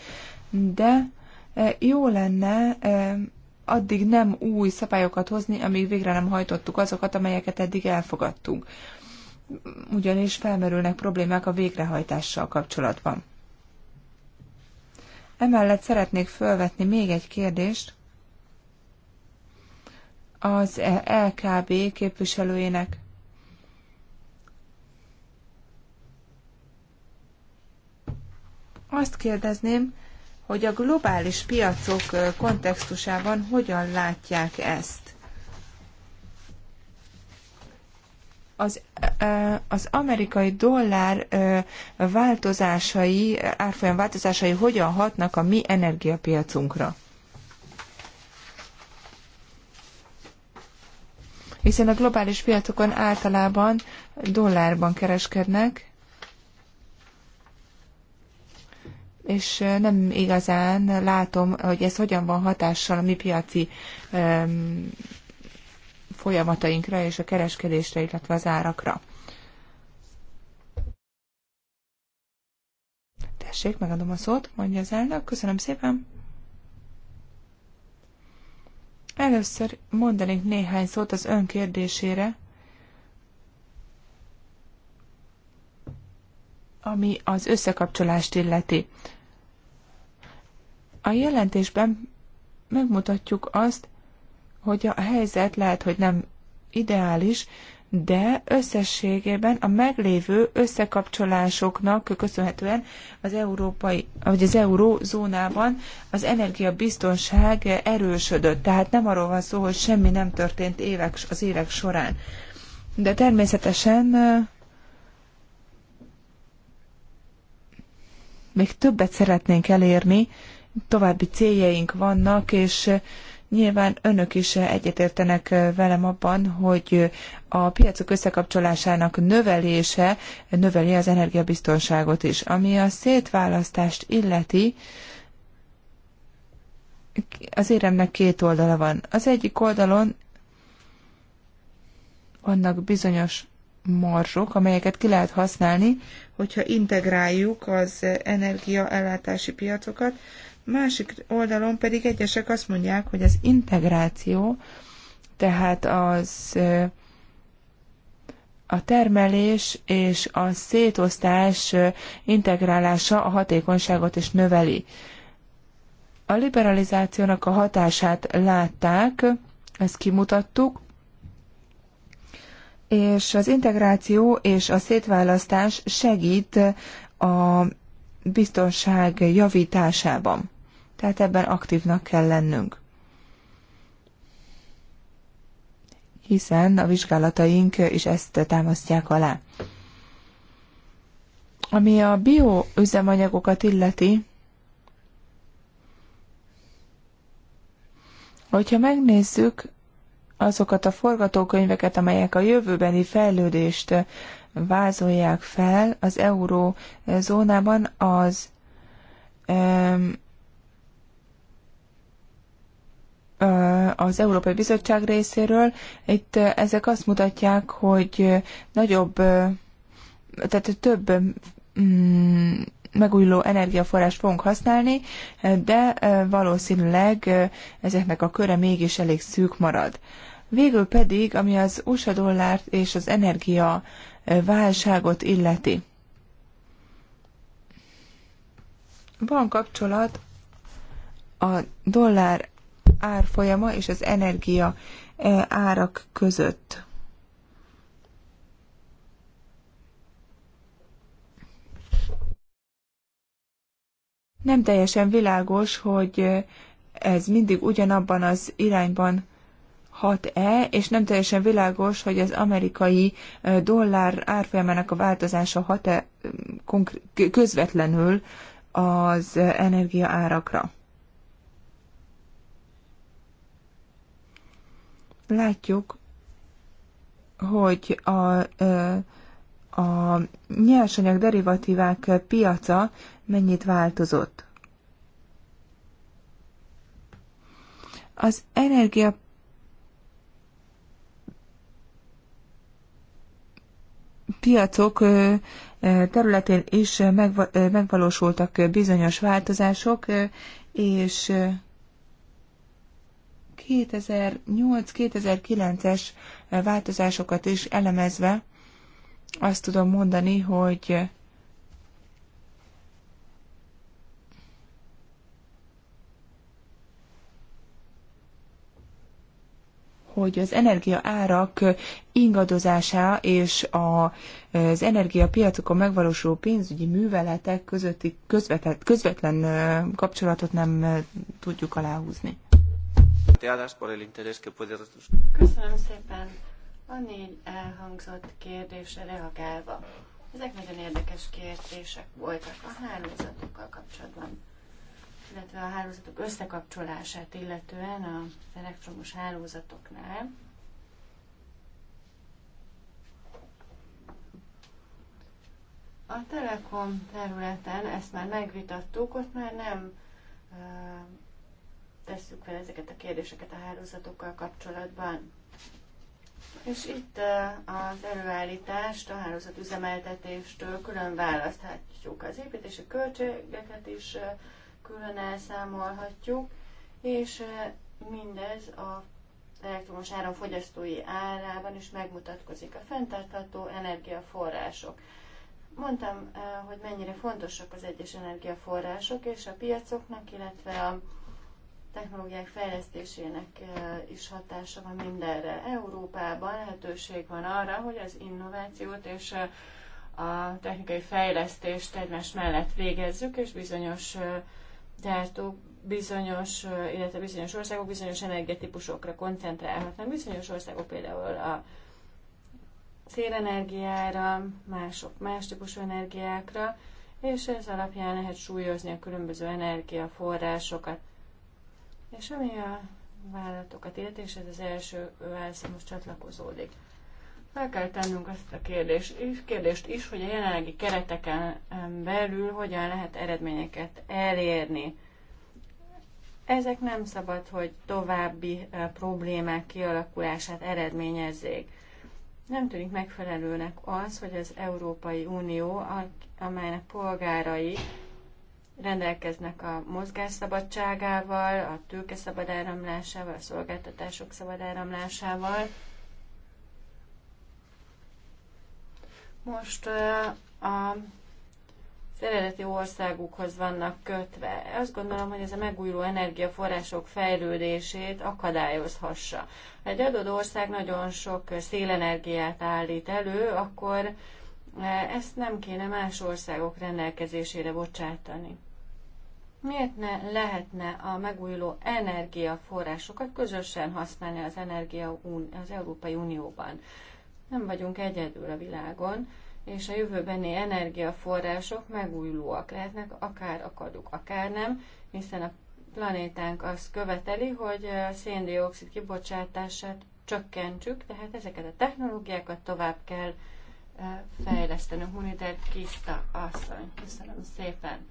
de jó lenne addig nem új szabályokat hozni, amíg végre nem hajtottuk azokat, amelyeket eddig elfogadtunk. Ugyanis felmerülnek problémák a végrehajtással kapcsolatban. Emellett szeretnék felvetni még egy kérdést az e LKB képviselőjének. Azt kérdezném, hogy a globális piacok kontextusában hogyan látják ezt. az, az amerikai dollár változásai, árfolyam változásai hogyan hatnak a mi energiapiacunkra? Hiszen a globális piacokon általában dollárban kereskednek, és nem igazán látom, hogy ez hogyan van hatással a mi piaci um, folyamatainkra és a kereskedésre, illetve az árakra. Tessék, megadom a szót, mondja az elnök. Köszönöm szépen. Először mondanék néhány szót az ön kérdésére, ami az összekapcsolást illeti. A jelentésben megmutatjuk azt, hogy a helyzet lehet, hogy nem ideális, de összességében a meglévő összekapcsolásoknak köszönhetően az európai, vagy az eurózónában az energiabiztonság erősödött. Tehát nem arról van szó, hogy semmi nem történt évek, az évek során. De természetesen még többet szeretnénk elérni, további céljaink vannak, és eh, nyilván önök is eh, egyetértenek eh, velem abban, hogy a piacok összekapcsolásának növelése növeli az energiabiztonságot is. Ami a szétválasztást illeti, az éremnek két oldala van. Az egyik oldalon vannak bizonyos marzsok, amelyeket ki lehet használni, hogyha integráljuk az energiaellátási piacokat, Másik oldalon pedig egyesek azt mondják, hogy az integráció, tehát az a termelés és a szétosztás integrálása a hatékonyságot is növeli. A liberalizációnak a hatását látták, ezt kimutattuk, és az integráció és a szétválasztás segít a biztonság javításában tehát ebben aktívnak kell lennünk. Hiszen a vizsgálataink is ezt támasztják alá. Ami a bioüzemanyagokat illeti, hogyha megnézzük azokat a forgatókönyveket, amelyek a jövőbeni fejlődést vázolják fel az eurózónában, az az Európai Bizottság részéről. Itt ezek azt mutatják, hogy nagyobb, tehát több mm, megújuló energiaforrást fogunk használni, de valószínűleg ezeknek a köre mégis elég szűk marad. Végül pedig, ami az USA dollárt és az energia válságot illeti. Van kapcsolat a dollár árfolyama és az energia e, árak között. Nem teljesen világos, hogy ez mindig ugyanabban az irányban hat-e, és nem teljesen világos, hogy az amerikai e, dollár árfolyamának a változása hat-e e, közvetlenül az energiaárakra. látjuk, hogy a, a nyersanyag derivatívák piaca mennyit változott. Az energia piacok területén is megvalósultak bizonyos változások, és 2008-2009-es változásokat is elemezve azt tudom mondani, hogy hogy az energia árak ingadozása és a, az energiapiacokon megvalósuló pénzügyi műveletek közötti közvetlen, közvetlen kapcsolatot nem tudjuk aláhúzni planteadas, por el interés que puede... Köszönöm szépen. A négy elhangzott kérdésre reagálva. Ezek nagyon érdekes kérdések voltak a hálózatokkal kapcsolatban, illetve a hálózatok összekapcsolását illetően az elektromos hálózatoknál. A Telekom területen ezt már megvitattuk, ott már nem tesszük fel ezeket a kérdéseket a hálózatokkal kapcsolatban. És itt az előállítást a hálózat üzemeltetéstől külön választhatjuk. Az építési költségeket is külön elszámolhatjuk, és mindez a elektromos áram fogyasztói árában is megmutatkozik a fenntartható energiaforrások. Mondtam, hogy mennyire fontosak az egyes energiaforrások, és a piacoknak, illetve a technológiák fejlesztésének is hatása van mindenre. Európában lehetőség van arra, hogy az innovációt és a technikai fejlesztést egymás mellett végezzük, és bizonyos gyártók bizonyos, illetve bizonyos országok bizonyos energiatípusokra koncentrálhatnak. Bizonyos országok például a szélenergiára, mások más típusú energiákra, és ez alapján lehet súlyozni a különböző energiaforrásokat. És ami a vállalatokat illeti, és ez az első válaszom most csatlakozódik. Fel kell tennünk azt a kérdést, kérdést is, hogy a jelenlegi kereteken belül hogyan lehet eredményeket elérni. Ezek nem szabad, hogy további eh, problémák kialakulását eredményezzék. Nem tűnik megfelelőnek az, hogy az Európai Unió, amelynek polgárai rendelkeznek a mozgás szabadságával, a tőke szabad áramlásával, a szolgáltatások szabad áramlásával. Most a az eredeti országukhoz vannak kötve. Azt gondolom, hogy ez a megújuló energiaforrások fejlődését akadályozhassa. Ha egy adott ország nagyon sok szélenergiát állít elő, akkor ezt nem kéne más országok rendelkezésére bocsátani. Miért ne lehetne a megújuló energiaforrásokat közösen használni az energia az Európai Unióban? Nem vagyunk egyedül a világon, és a jövőbeni energiaforrások megújulóak lehetnek, akár akarjuk, akár nem, hiszen a planétánk azt követeli, hogy a széndiokszid kibocsátását csökkentsük, tehát ezeket a technológiákat tovább kell fejlesztenünk. Muniter Kiszta asszony, köszönöm szépen!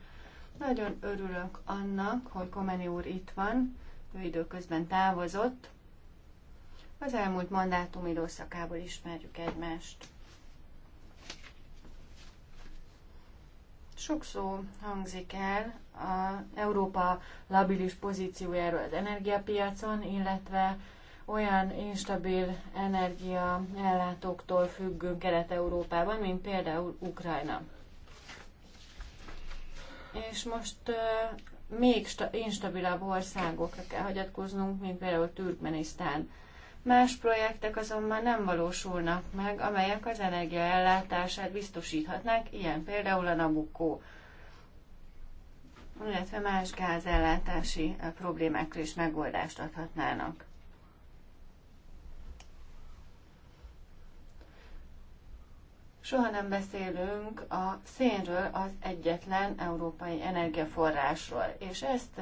Nagyon örülök annak, hogy Komeni úr itt van, ő időközben távozott. Az elmúlt mandátum időszakából ismerjük egymást. Sok szó hangzik el a Európa labilis pozíciójáról az energiapiacon, illetve olyan instabil energiaellátóktól függő Kelet-Európában, mint például Ukrajna és most még instabilabb országokra kell hagyatkoznunk, mint például Türkmenisztán. Más projektek azonban nem valósulnak meg, amelyek az energiaellátását biztosíthatnák, ilyen például a Nabucco, illetve más gázellátási problémákra is megoldást adhatnának. Soha nem beszélünk a szénről, az egyetlen európai energiaforrásról, és ezt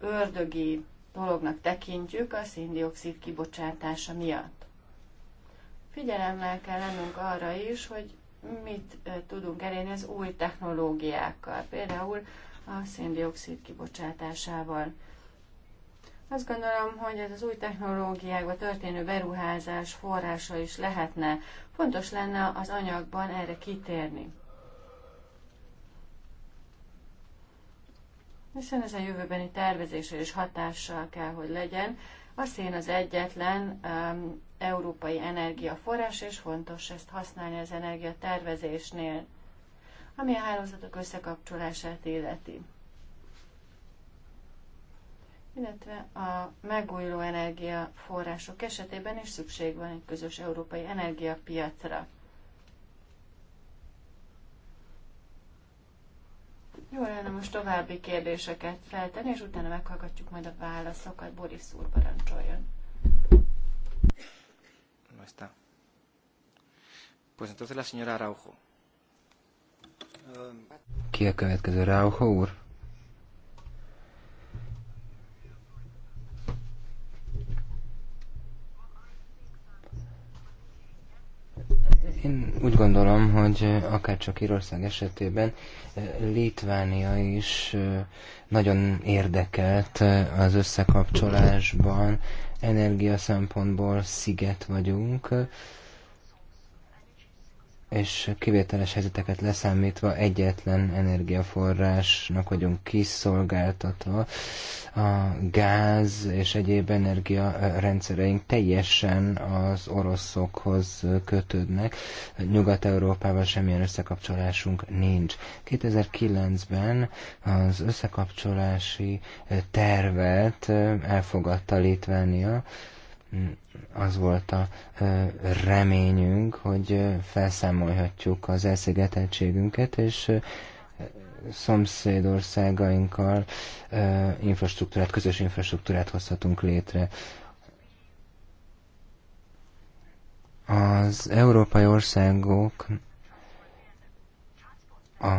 ördögi dolognak tekintjük a széndiokszid kibocsátása miatt. Figyelemmel kell lennünk arra is, hogy mit tudunk elérni az új technológiákkal, például a széndiokszid kibocsátásával. Azt gondolom, hogy ez az új technológiákba történő beruházás forrása is lehetne. Fontos lenne az anyagban erre kitérni. Hiszen ez a jövőbeni tervezésre is hatással kell, hogy legyen. A szén az egyetlen um, európai energiaforrás, és fontos ezt használni az energiatervezésnél, ami a hálózatok összekapcsolását illeti illetve a megújuló energiaforrások esetében is szükség van egy közös európai energiapiacra. Jó lenne most további kérdéseket feltenni, és utána meghallgatjuk majd a válaszokat. Boris úr parancsoljon. No está. Pues entonces la señora Araujo. Ki a következő Araujo úr? Én úgy gondolom, hogy akár csak Írország esetében Litvánia is nagyon érdekelt az összekapcsolásban. Energia szempontból sziget vagyunk, és kivételes helyzeteket leszámítva egyetlen energiaforrásnak vagyunk kiszolgáltatva. A gáz és egyéb energiarendszereink teljesen az oroszokhoz kötődnek. Nyugat-Európával semmilyen összekapcsolásunk nincs. 2009-ben az összekapcsolási tervet elfogadta Litvánia, az volt a reményünk, hogy felszámolhatjuk az elszigeteltségünket, és szomszédországainkkal infrastruktúrát, közös infrastruktúrát hozhatunk létre. Az európai országok a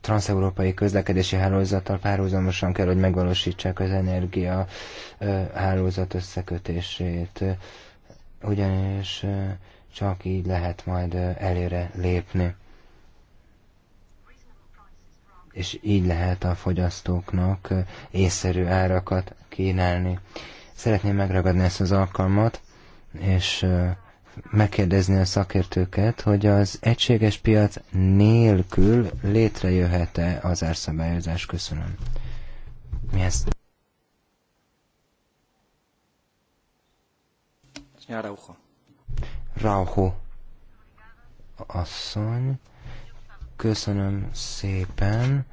transeurópai közlekedési hálózattal párhuzamosan kell, hogy megvalósítsák az energia hálózat összekötését, ugyanis csak így lehet majd előre lépni. És így lehet a fogyasztóknak észszerű árakat kínálni. Szeretném megragadni ezt az alkalmat, és megkérdezni a szakértőket, hogy az egységes piac nélkül létrejöhet-e az árszabályozás. Köszönöm. Mi ez? Rauho. Rauho. Asszony. Köszönöm szépen.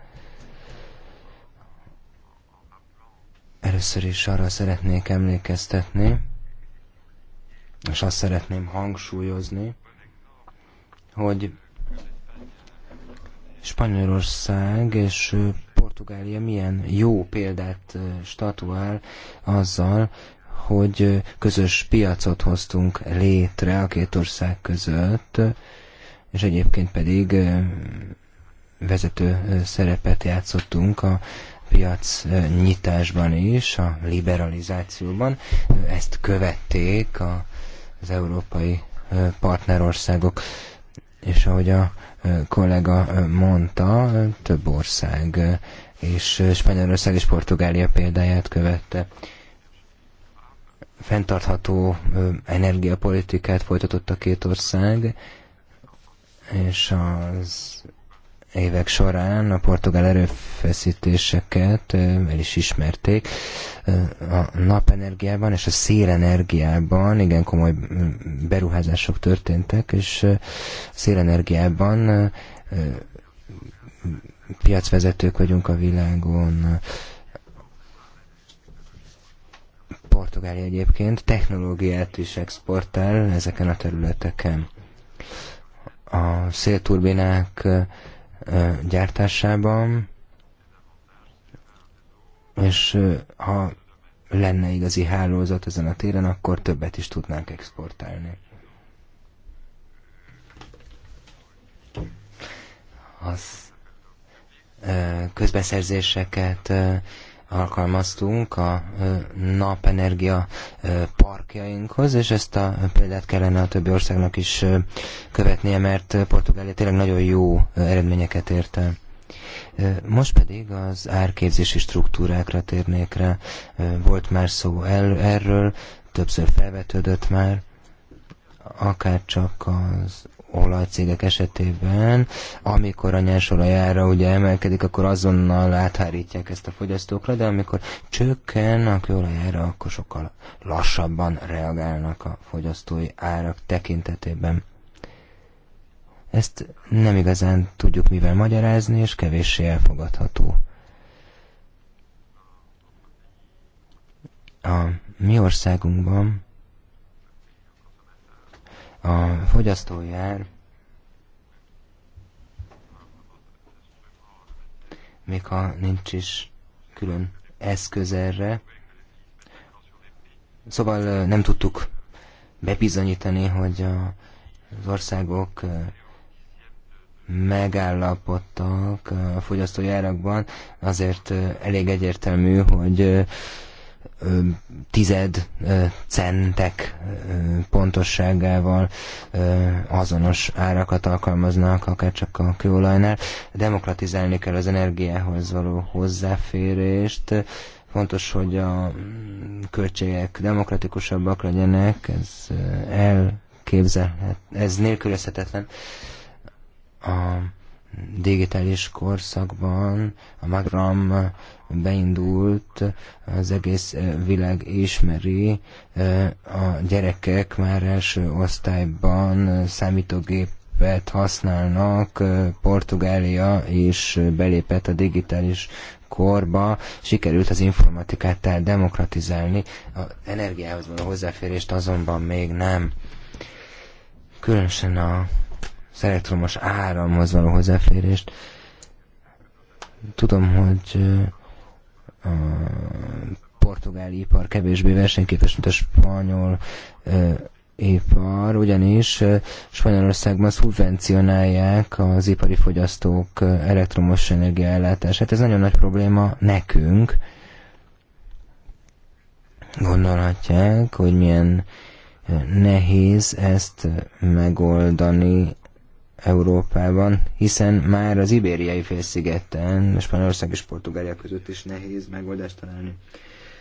Először is arra szeretnék emlékeztetni, és azt szeretném hangsúlyozni, hogy Spanyolország és Portugália milyen jó példát statuál azzal, hogy közös piacot hoztunk létre a két ország között, és egyébként pedig vezető szerepet játszottunk a piac nyitásban is, a liberalizációban. Ezt követték a az európai partnerországok. És ahogy a kollega mondta, több ország és Spanyolország és Portugália példáját követte. Fentartható energiapolitikát folytatott a két ország, és az évek során a portugál erőfeszítéseket el is ismerték. A napenergiában és a szélenergiában igen komoly beruházások történtek, és a szélenergiában piacvezetők vagyunk a világon. Portugália egyébként technológiát is exportál ezeken a területeken. A szélturbinák gyártásában, és ha lenne igazi hálózat ezen a téren, akkor többet is tudnánk exportálni. Az közbeszerzéseket alkalmaztunk a napenergia parkjainkhoz, és ezt a példát kellene a többi országnak is követnie, mert Portugália tényleg nagyon jó eredményeket ért el. Most pedig az árképzési struktúrákra térnék rá. Volt már szó el, erről, többször felvetődött már, akár csak az olajcégek esetében, amikor a nyersolaj ugye emelkedik, akkor azonnal áthárítják ezt a fogyasztókra, de amikor csökken a kőolajára, akkor sokkal lassabban reagálnak a fogyasztói árak tekintetében. Ezt nem igazán tudjuk mivel magyarázni, és kevéssé elfogadható. A mi országunkban a fogyasztói ár még ha nincs is külön eszköz erre. Szóval nem tudtuk bebizonyítani, hogy az országok megállapodtak a fogyasztói árakban, azért elég egyértelmű, hogy tized centek pontosságával azonos árakat alkalmaznak, akár csak a kőolajnál. Demokratizálni kell az energiához való hozzáférést, fontos, hogy a mm, költségek demokratikusabbak legyenek, ez elképzelhet, ez nélkülözhetetlen. A digitális korszakban a magram beindult, az egész eh, világ ismeri, eh, a gyerekek már első osztályban eh, számítógép használnak, Portugália is belépett a digitális korba, sikerült az informatikát tehát demokratizálni, a energiához való hozzáférést azonban még nem. Különösen a az elektromos áramhoz való hozzáférést. Tudom, hogy a portugáli ipar kevésbé versenyképes, mint a spanyol ipar, ugyanis Spanyolországban szubvencionálják az ipari fogyasztók elektromos energiaellátását. Ez nagyon nagy probléma nekünk. Gondolhatják, hogy milyen nehéz ezt megoldani Európában, hiszen már az ibériai félszigeten, Spanyolország és Portugália között is nehéz megoldást találni.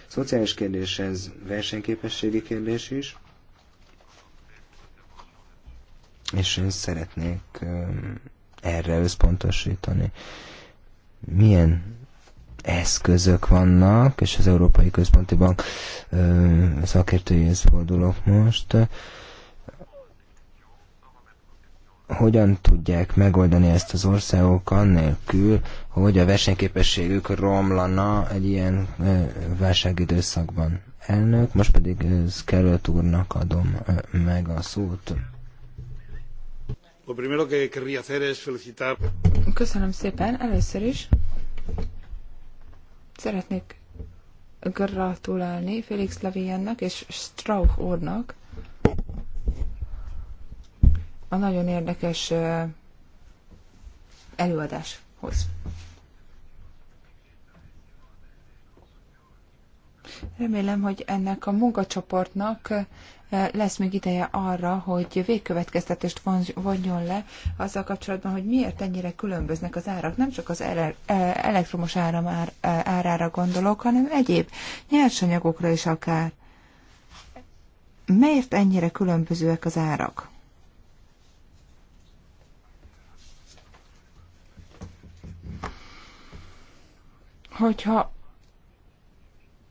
Szociális kérdés ez versenyképességi kérdés is, és én szeretnék erre összpontosítani. Milyen eszközök vannak, és az Európai Központi Bank szakértőjéhez fordulok most, hogyan tudják megoldani ezt az országok annélkül, hogy a versenyképességük romlana egy ilyen válságidőszakban. Elnök, most pedig Skerölt úrnak adom meg a szót. Köszönöm szépen. Először is szeretnék gratulálni Félix Leviennek és Strauch úrnak a nagyon érdekes előadáshoz. Remélem, hogy ennek a munkacsoportnak lesz még ideje arra, hogy végkövetkeztetést vonjon le azzal kapcsolatban, hogy miért ennyire különböznek az árak. Nem csak az e, elektromos áram e, árára gondolok, hanem egyéb nyersanyagokra is akár. Miért ennyire különbözőek az árak? hogyha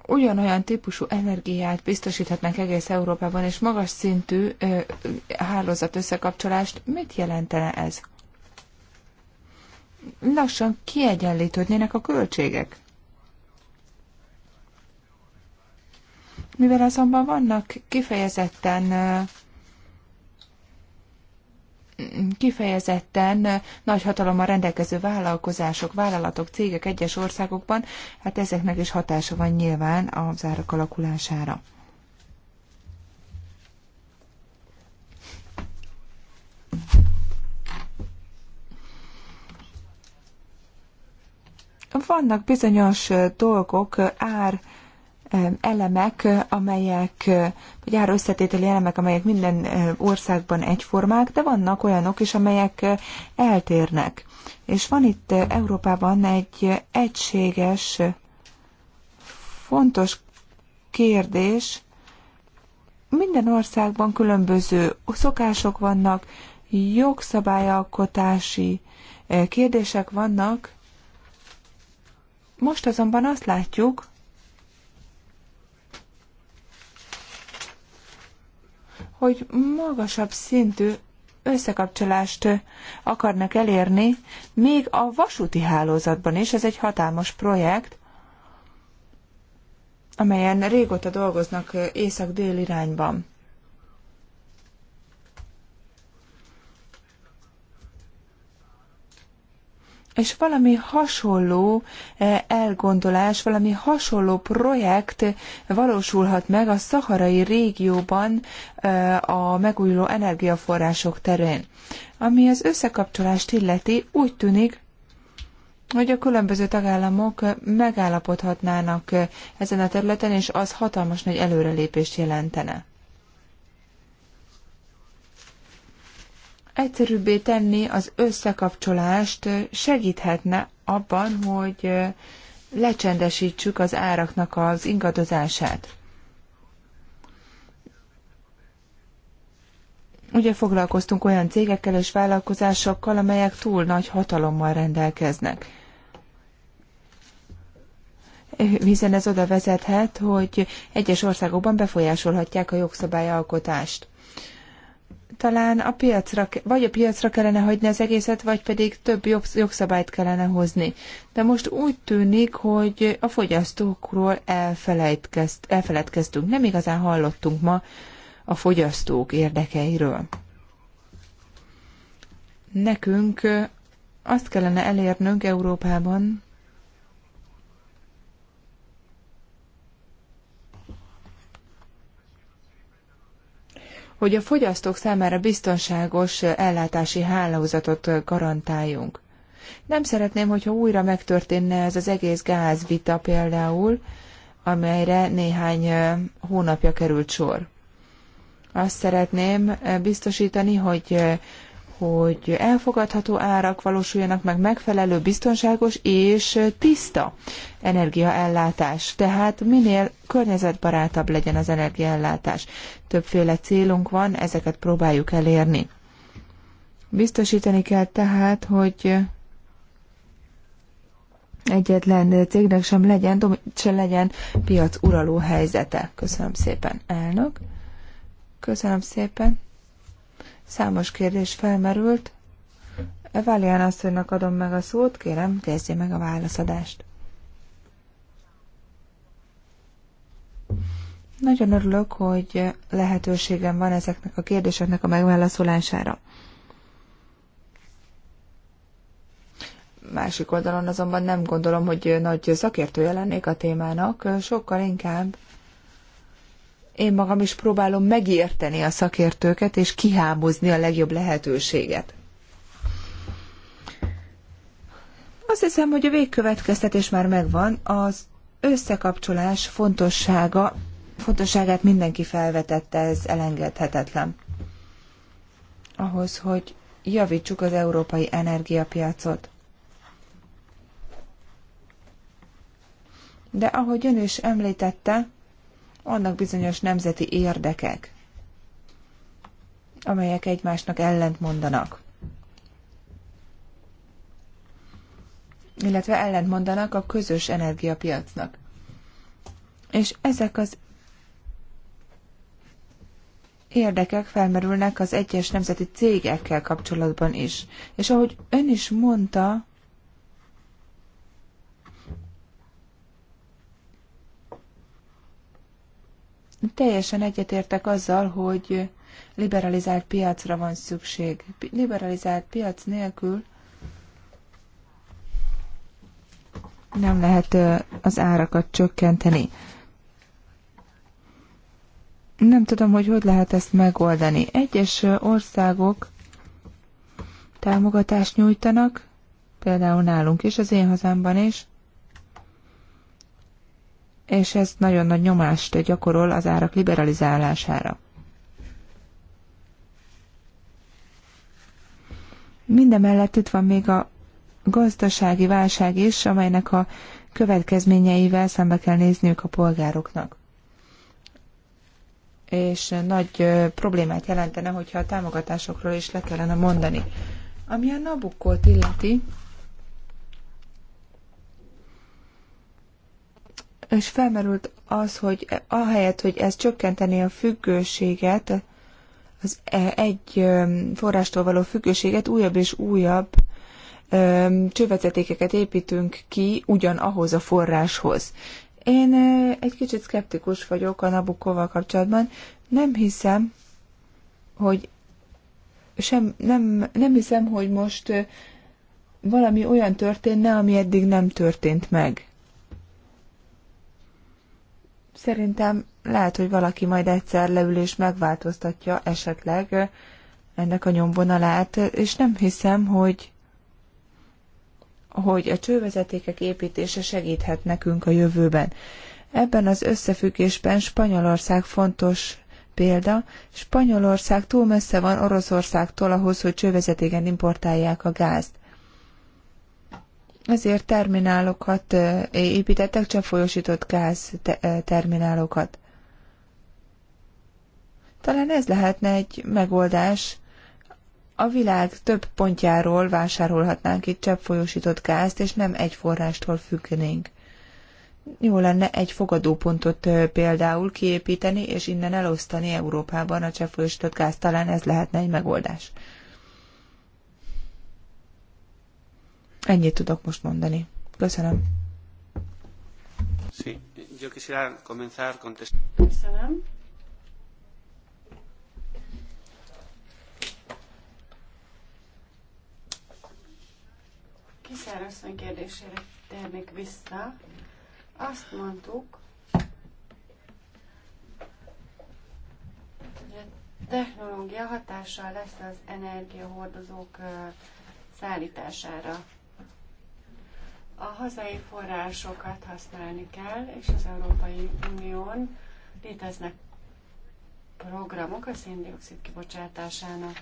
ugyanolyan típusú energiát biztosíthatnak egész Európában, és magas szintű ö, hálózat összekapcsolást, mit jelentene ez? Lassan kiegyenlítődnének a költségek. Mivel azonban vannak kifejezetten kifejezetten nagy hatalommal rendelkező vállalkozások, vállalatok, cégek egyes országokban, hát ezeknek is hatása van nyilván a zárak alakulására. Vannak bizonyos dolgok, ár elemek, amelyek, vagy ár összetételi elemek, amelyek minden országban egyformák, de vannak olyanok is, amelyek eltérnek. És van itt Európában egy egységes, fontos kérdés, minden országban különböző szokások vannak, jogszabályalkotási kérdések vannak. Most azonban azt látjuk, hogy magasabb szintű összekapcsolást akarnak elérni, még a vasúti hálózatban is. Ez egy hatalmas projekt, amelyen régóta dolgoznak észak-dél irányban. és valami hasonló eh, elgondolás, valami hasonló projekt valósulhat meg a szaharai régióban eh, a megújuló energiaforrások terén. Ami az összekapcsolást illeti, úgy tűnik, hogy a különböző tagállamok megállapodhatnának eh, ezen a területen, és az hatalmas nagy előrelépést jelentene. egyszerűbbé tenni az összekapcsolást segíthetne abban, hogy lecsendesítsük az áraknak az ingadozását. Ugye foglalkoztunk olyan cégekkel és vállalkozásokkal, amelyek túl nagy hatalommal rendelkeznek. Hiszen ez oda vezethet, hogy egyes országokban befolyásolhatják a jogszabályalkotást talán a piacra, vagy a piacra kellene hagyni az egészet, vagy pedig több jogszabályt kellene hozni. De most úgy tűnik, hogy a fogyasztókról elfeledkeztünk. Nem igazán hallottunk ma a fogyasztók érdekeiről. Nekünk azt kellene elérnünk Európában, hogy a fogyasztók számára biztonságos ellátási hálózatot garantáljunk. Nem szeretném, hogyha újra megtörténne ez az egész gázvita például, amelyre néhány hónapja került sor. Azt szeretném biztosítani, hogy hogy elfogadható árak valósuljanak meg, megfelelő, biztonságos és tiszta energiaellátás. Tehát minél környezetbarátabb legyen az energiaellátás. Többféle célunk van, ezeket próbáljuk elérni. Biztosítani kell tehát, hogy egyetlen cégnek sem legyen, sem legyen piac uraló helyzete. Köszönöm szépen, elnök. Köszönöm szépen. Számos kérdés felmerült. Evalian asszonynak adom meg a szót, kérem, kezdje meg a válaszadást. Nagyon örülök, hogy lehetőségem van ezeknek a kérdéseknek a megválaszolására. Másik oldalon azonban nem gondolom, hogy nagy szakértője lennék a témának, sokkal inkább én magam is próbálom megérteni a szakértőket, és kihámozni a legjobb lehetőséget. Azt hiszem, hogy a végkövetkeztetés már megvan, az összekapcsolás fontossága, fontosságát mindenki felvetette, ez elengedhetetlen. Ahhoz, hogy javítsuk az európai energiapiacot. De ahogy ön is említette, vannak bizonyos nemzeti érdekek, amelyek egymásnak ellent mondanak. Illetve ellent mondanak a közös energiapiacnak. És ezek az érdekek felmerülnek az egyes nemzeti cégekkel kapcsolatban is. És ahogy ön is mondta, Teljesen egyetértek azzal, hogy liberalizált piacra van szükség. Liberalizált piac nélkül nem lehet az árakat csökkenteni. Nem tudom, hogy hogy lehet ezt megoldani. Egyes országok támogatást nyújtanak, például nálunk is, az én hazámban is, és ez nagyon nagy nyomást gyakorol az árak liberalizálására. Mindemellett itt van még a gazdasági válság is, amelynek a következményeivel szembe kell nézniük a polgároknak. És nagy problémát jelentene, hogyha a támogatásokról is le kellene mondani. Ami a Nabukkót illeti, és felmerült az, hogy ahelyett, hogy ez csökkenteni a függőséget, az e- egy forrástól való függőséget, újabb és újabb csövezetékeket építünk ki ugyanahhoz a forráshoz. Én egy kicsit szkeptikus vagyok a Nabukóval kapcsolatban. Nem hiszem, hogy sem, nem, nem hiszem, hogy most valami olyan történne, ami eddig nem történt meg. Szerintem lehet, hogy valaki majd egyszer leül és megváltoztatja esetleg ennek a nyomvonalát, és nem hiszem, hogy hogy a csővezetékek építése segíthet nekünk a jövőben. Ebben az összefüggésben Spanyolország fontos példa. Spanyolország túl messze van Oroszországtól ahhoz, hogy csővezetéken importálják a gázt ezért terminálokat építettek, csak folyosított gáz terminálokat. Talán ez lehetne egy megoldás. A világ több pontjáról vásárolhatnánk itt cseppfolyósított gázt, és nem egy forrástól függnénk. Jó lenne egy fogadópontot például kiépíteni, és innen elosztani Európában a cseppfolyósított gáz. Talán ez lehetne egy megoldás. Ennyit tudok most mondani. Köszönöm. Sí, yo quisiera comenzar Köszönöm. kérdésére térnék vissza. Azt mondtuk, hogy a technológia hatással lesz az energiahordozók szállítására a hazai forrásokat használni kell, és az Európai Unión léteznek programok a széndiokszid kibocsátásának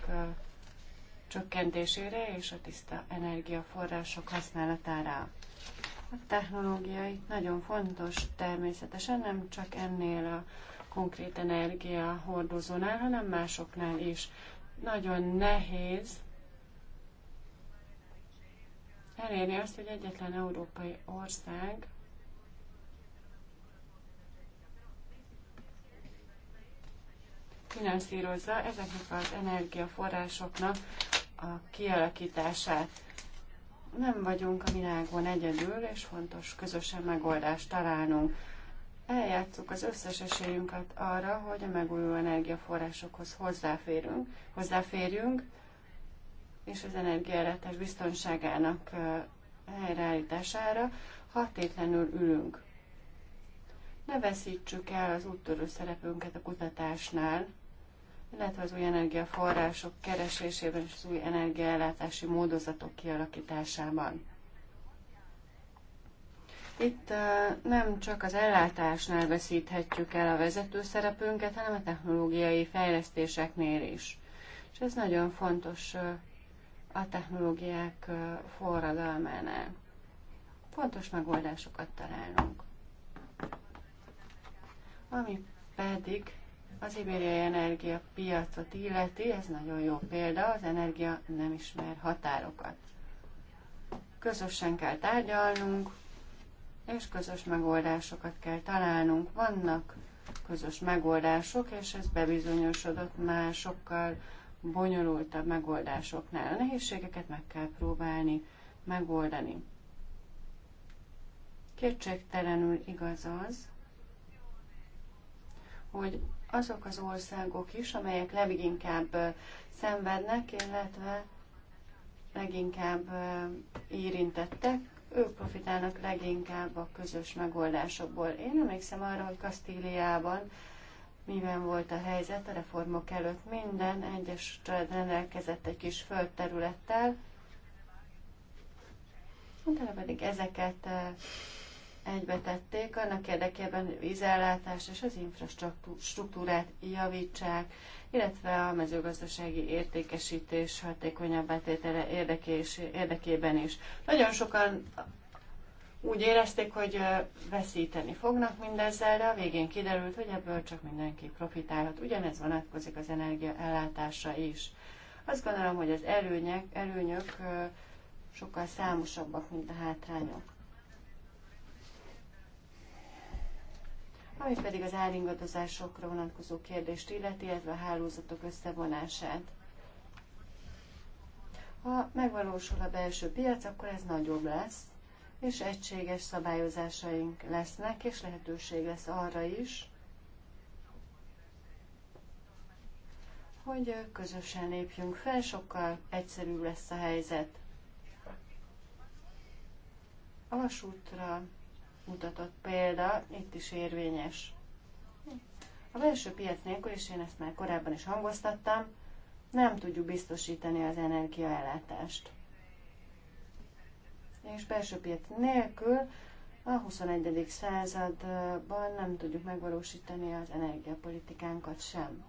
csökkentésére és a tiszta energiaforrások használatára. A technológiai nagyon fontos természetesen, nem csak ennél a konkrét energia hordozónál, hanem másoknál is. Nagyon nehéz elérni azt, hogy egyetlen európai ország finanszírozza ezeknek az energiaforrásoknak a kialakítását. Nem vagyunk a világon egyedül, és fontos közösen megoldást találnunk. Eljátszuk az összes esélyünket arra, hogy a megújuló energiaforrásokhoz hozzáférünk, hozzáférjünk és az energiállátás biztonságának helyreállítására hatétlenül ülünk. Ne veszítsük el az úttörő szerepünket a kutatásnál, illetve az új energiaforrások keresésében és az új energiállátási módozatok kialakításában. Itt nem csak az ellátásnál veszíthetjük el a vezető szerepünket, hanem a technológiai fejlesztéseknél is. És ez nagyon fontos a technológiák forradalmánál. Fontos megoldásokat találnunk. Ami pedig az ibériai piacot illeti, ez nagyon jó példa, az energia nem ismer határokat. Közösen kell tárgyalnunk, és közös megoldásokat kell találnunk. Vannak közös megoldások, és ez bebizonyosodott már sokkal bonyolultabb megoldásoknál. A nehézségeket meg kell próbálni megoldani. Kétségtelenül igaz az, hogy azok az országok is, amelyek leginkább szenvednek, illetve leginkább érintettek, ők profitálnak leginkább a közös megoldásokból. Én emlékszem arra, hogy Kasztíliában miben volt a helyzet a reformok előtt. Minden egyes család rendelkezett egy kis földterülettel, utána pedig ezeket eh, egybetették annak érdekében, vízellátást és az infrastruktúrát javítsák, illetve a mezőgazdasági értékesítés hatékonyabb betétele érdekében is. Nagyon sokan úgy érezték, hogy veszíteni fognak mindezzel, de a végén kiderült, hogy ebből csak mindenki profitálhat. Ugyanez vonatkozik az energia ellátása is. Azt gondolom, hogy az előnyek, előnyök sokkal számosabbak, mint a hátrányok. Ami pedig az áringadozásokra vonatkozó kérdést illeti, illetve a hálózatok összevonását. Ha megvalósul a belső piac, akkor ez nagyobb lesz, és egységes szabályozásaink lesznek, és lehetőség lesz arra is, hogy közösen lépjünk fel, sokkal egyszerűbb lesz a helyzet. A vasútra mutatott példa itt is érvényes. A belső piac nélkül, és én ezt már korábban is hangoztattam, nem tudjuk biztosítani az energiaellátást és belső piac nélkül a 21. században nem tudjuk megvalósítani az energiapolitikánkat sem.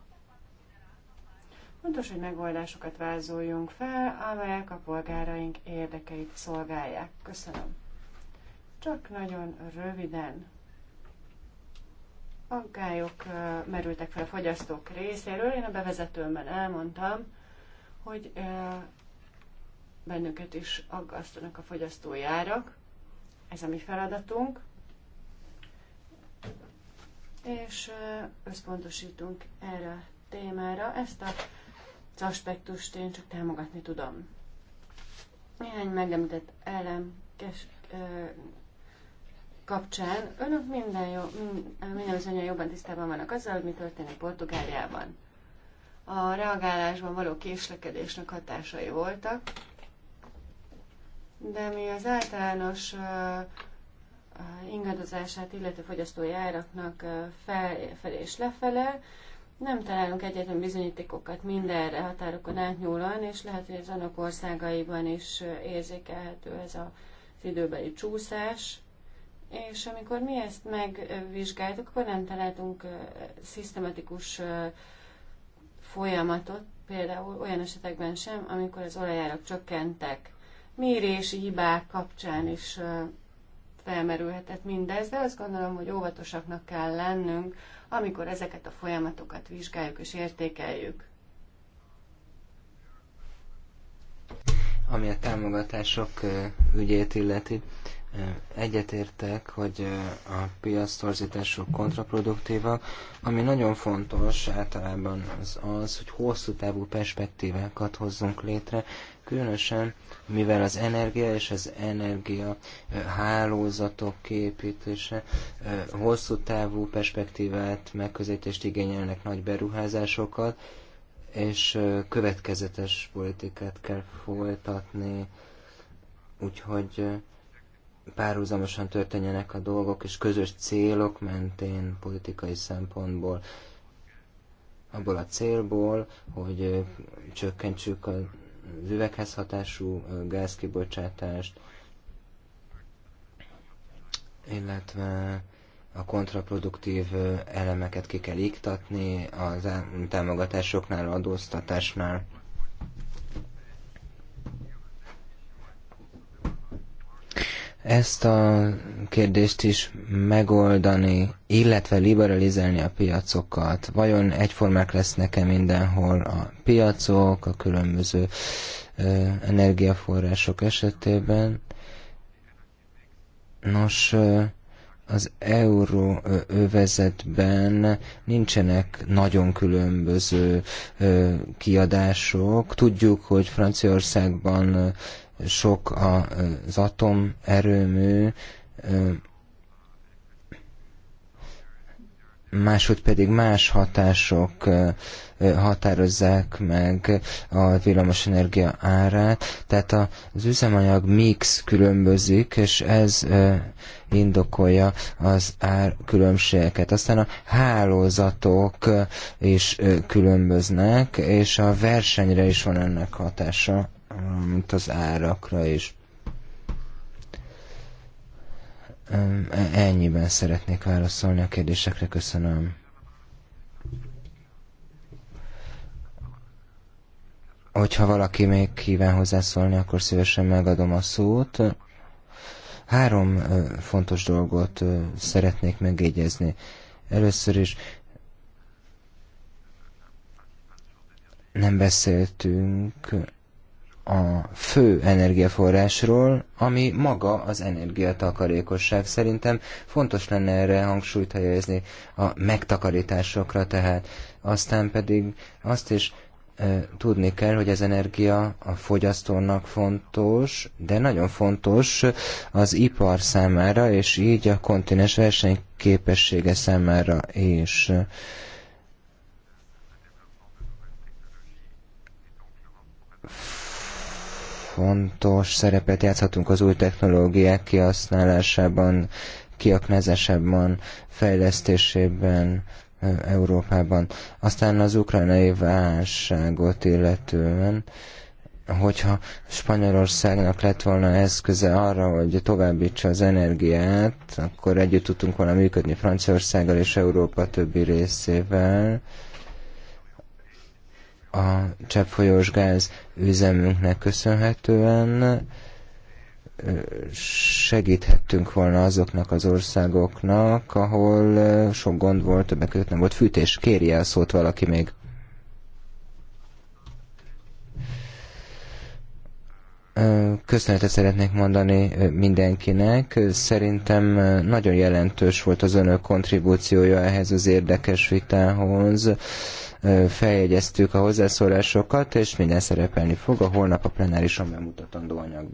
Fontos, hogy megoldásokat vázoljunk fel, amelyek a polgáraink érdekeit szolgálják. Köszönöm. Csak nagyon röviden. Aggályok merültek fel a fogyasztók részéről. Én a bevezetőmben elmondtam, hogy bennünket is aggasztanak a fogyasztói árak. Ez a mi feladatunk. És összpontosítunk erre a témára. Ezt a, az aspektust én csak támogatni tudom. Néhány megemlített elem kes, ö, kapcsán önök minden, jó, minden bizonyan jobban tisztában vannak azzal, hogy mi történik Portugáliában. A reagálásban való késlekedésnek hatásai voltak, de mi az általános ingadozását, illetve fogyasztói áraknak fel és lefele, nem találunk egyetlen bizonyítékokat mindenre határokon átnyúlóan, és lehet, hogy az annak országaiban is érzékelhető ez az időbeli csúszás. És amikor mi ezt megvizsgáltuk, akkor nem találtunk szisztematikus folyamatot, például olyan esetekben sem, amikor az olajárak csökkentek mérési hibák kapcsán is felmerülhetett mindez, de azt gondolom, hogy óvatosaknak kell lennünk, amikor ezeket a folyamatokat vizsgáljuk és értékeljük. Ami a támogatások ügyét illeti, egyetértek, hogy a piasztorzítások kontraproduktívak. Ami nagyon fontos általában az az, hogy hosszú távú perspektívákat hozzunk létre, Különösen, mivel az energia és az energia hálózatok képítése hosszú távú perspektívát, megközelítést igényelnek nagy beruházásokat, és következetes politikát kell folytatni, úgyhogy párhuzamosan történjenek a dolgok, és közös célok mentén politikai szempontból, abból a célból, hogy csökkentsük a hatású gázkibocsátást, illetve a kontraproduktív elemeket ki kell iktatni az támogatásoknál, adóztatásnál. ezt a kérdést is megoldani, illetve liberalizálni a piacokat. Vajon egyformák lesznek-e mindenhol a piacok, a különböző ö, energiaforrások esetében? Nos, az euróövezetben nincsenek nagyon különböző kiadások. Tudjuk, hogy Franciaországban sok az atomerőmű, máshogy pedig más hatások határozzák meg a villamosenergia árát, tehát az üzemanyag mix különbözik, és ez indokolja az ár különbségeket. Aztán a hálózatok is különböznek, és a versenyre is van ennek hatása mint az árakra is. Ennyiben szeretnék válaszolni a kérdésekre, köszönöm. Hogyha valaki még kíván hozzászólni, akkor szívesen megadom a szót. Három fontos dolgot szeretnék megjegyezni. Először is nem beszéltünk a fő energiaforrásról, ami maga az energiatakarékosság. Szerintem fontos lenne erre hangsúlyt helyezni a megtakarításokra tehát. Aztán pedig azt is e, tudni kell, hogy az energia a fogyasztónak fontos, de nagyon fontos az ipar számára, és így a kontinens versenyképessége számára is. F fontos szerepet játszhatunk az új technológiák kihasználásában, kiaknázásában, fejlesztésében Európában. Aztán az ukrajnai válságot illetően hogyha Spanyolországnak lett volna eszköze arra, hogy továbbítsa az energiát, akkor együtt tudtunk volna működni Franciaországgal és Európa többi részével a cseppfolyós gáz üzemünknek köszönhetően segíthettünk volna azoknak az országoknak, ahol sok gond volt, többek között nem volt fűtés. Kéri el szót valaki még. Köszönetet szeretnék mondani mindenkinek. Szerintem nagyon jelentős volt az önök kontribúciója ehhez az érdekes vitához feljegyeztük a hozzászólásokat, és minden szerepelni fog a holnap a plenárison bemutatandó anyagban.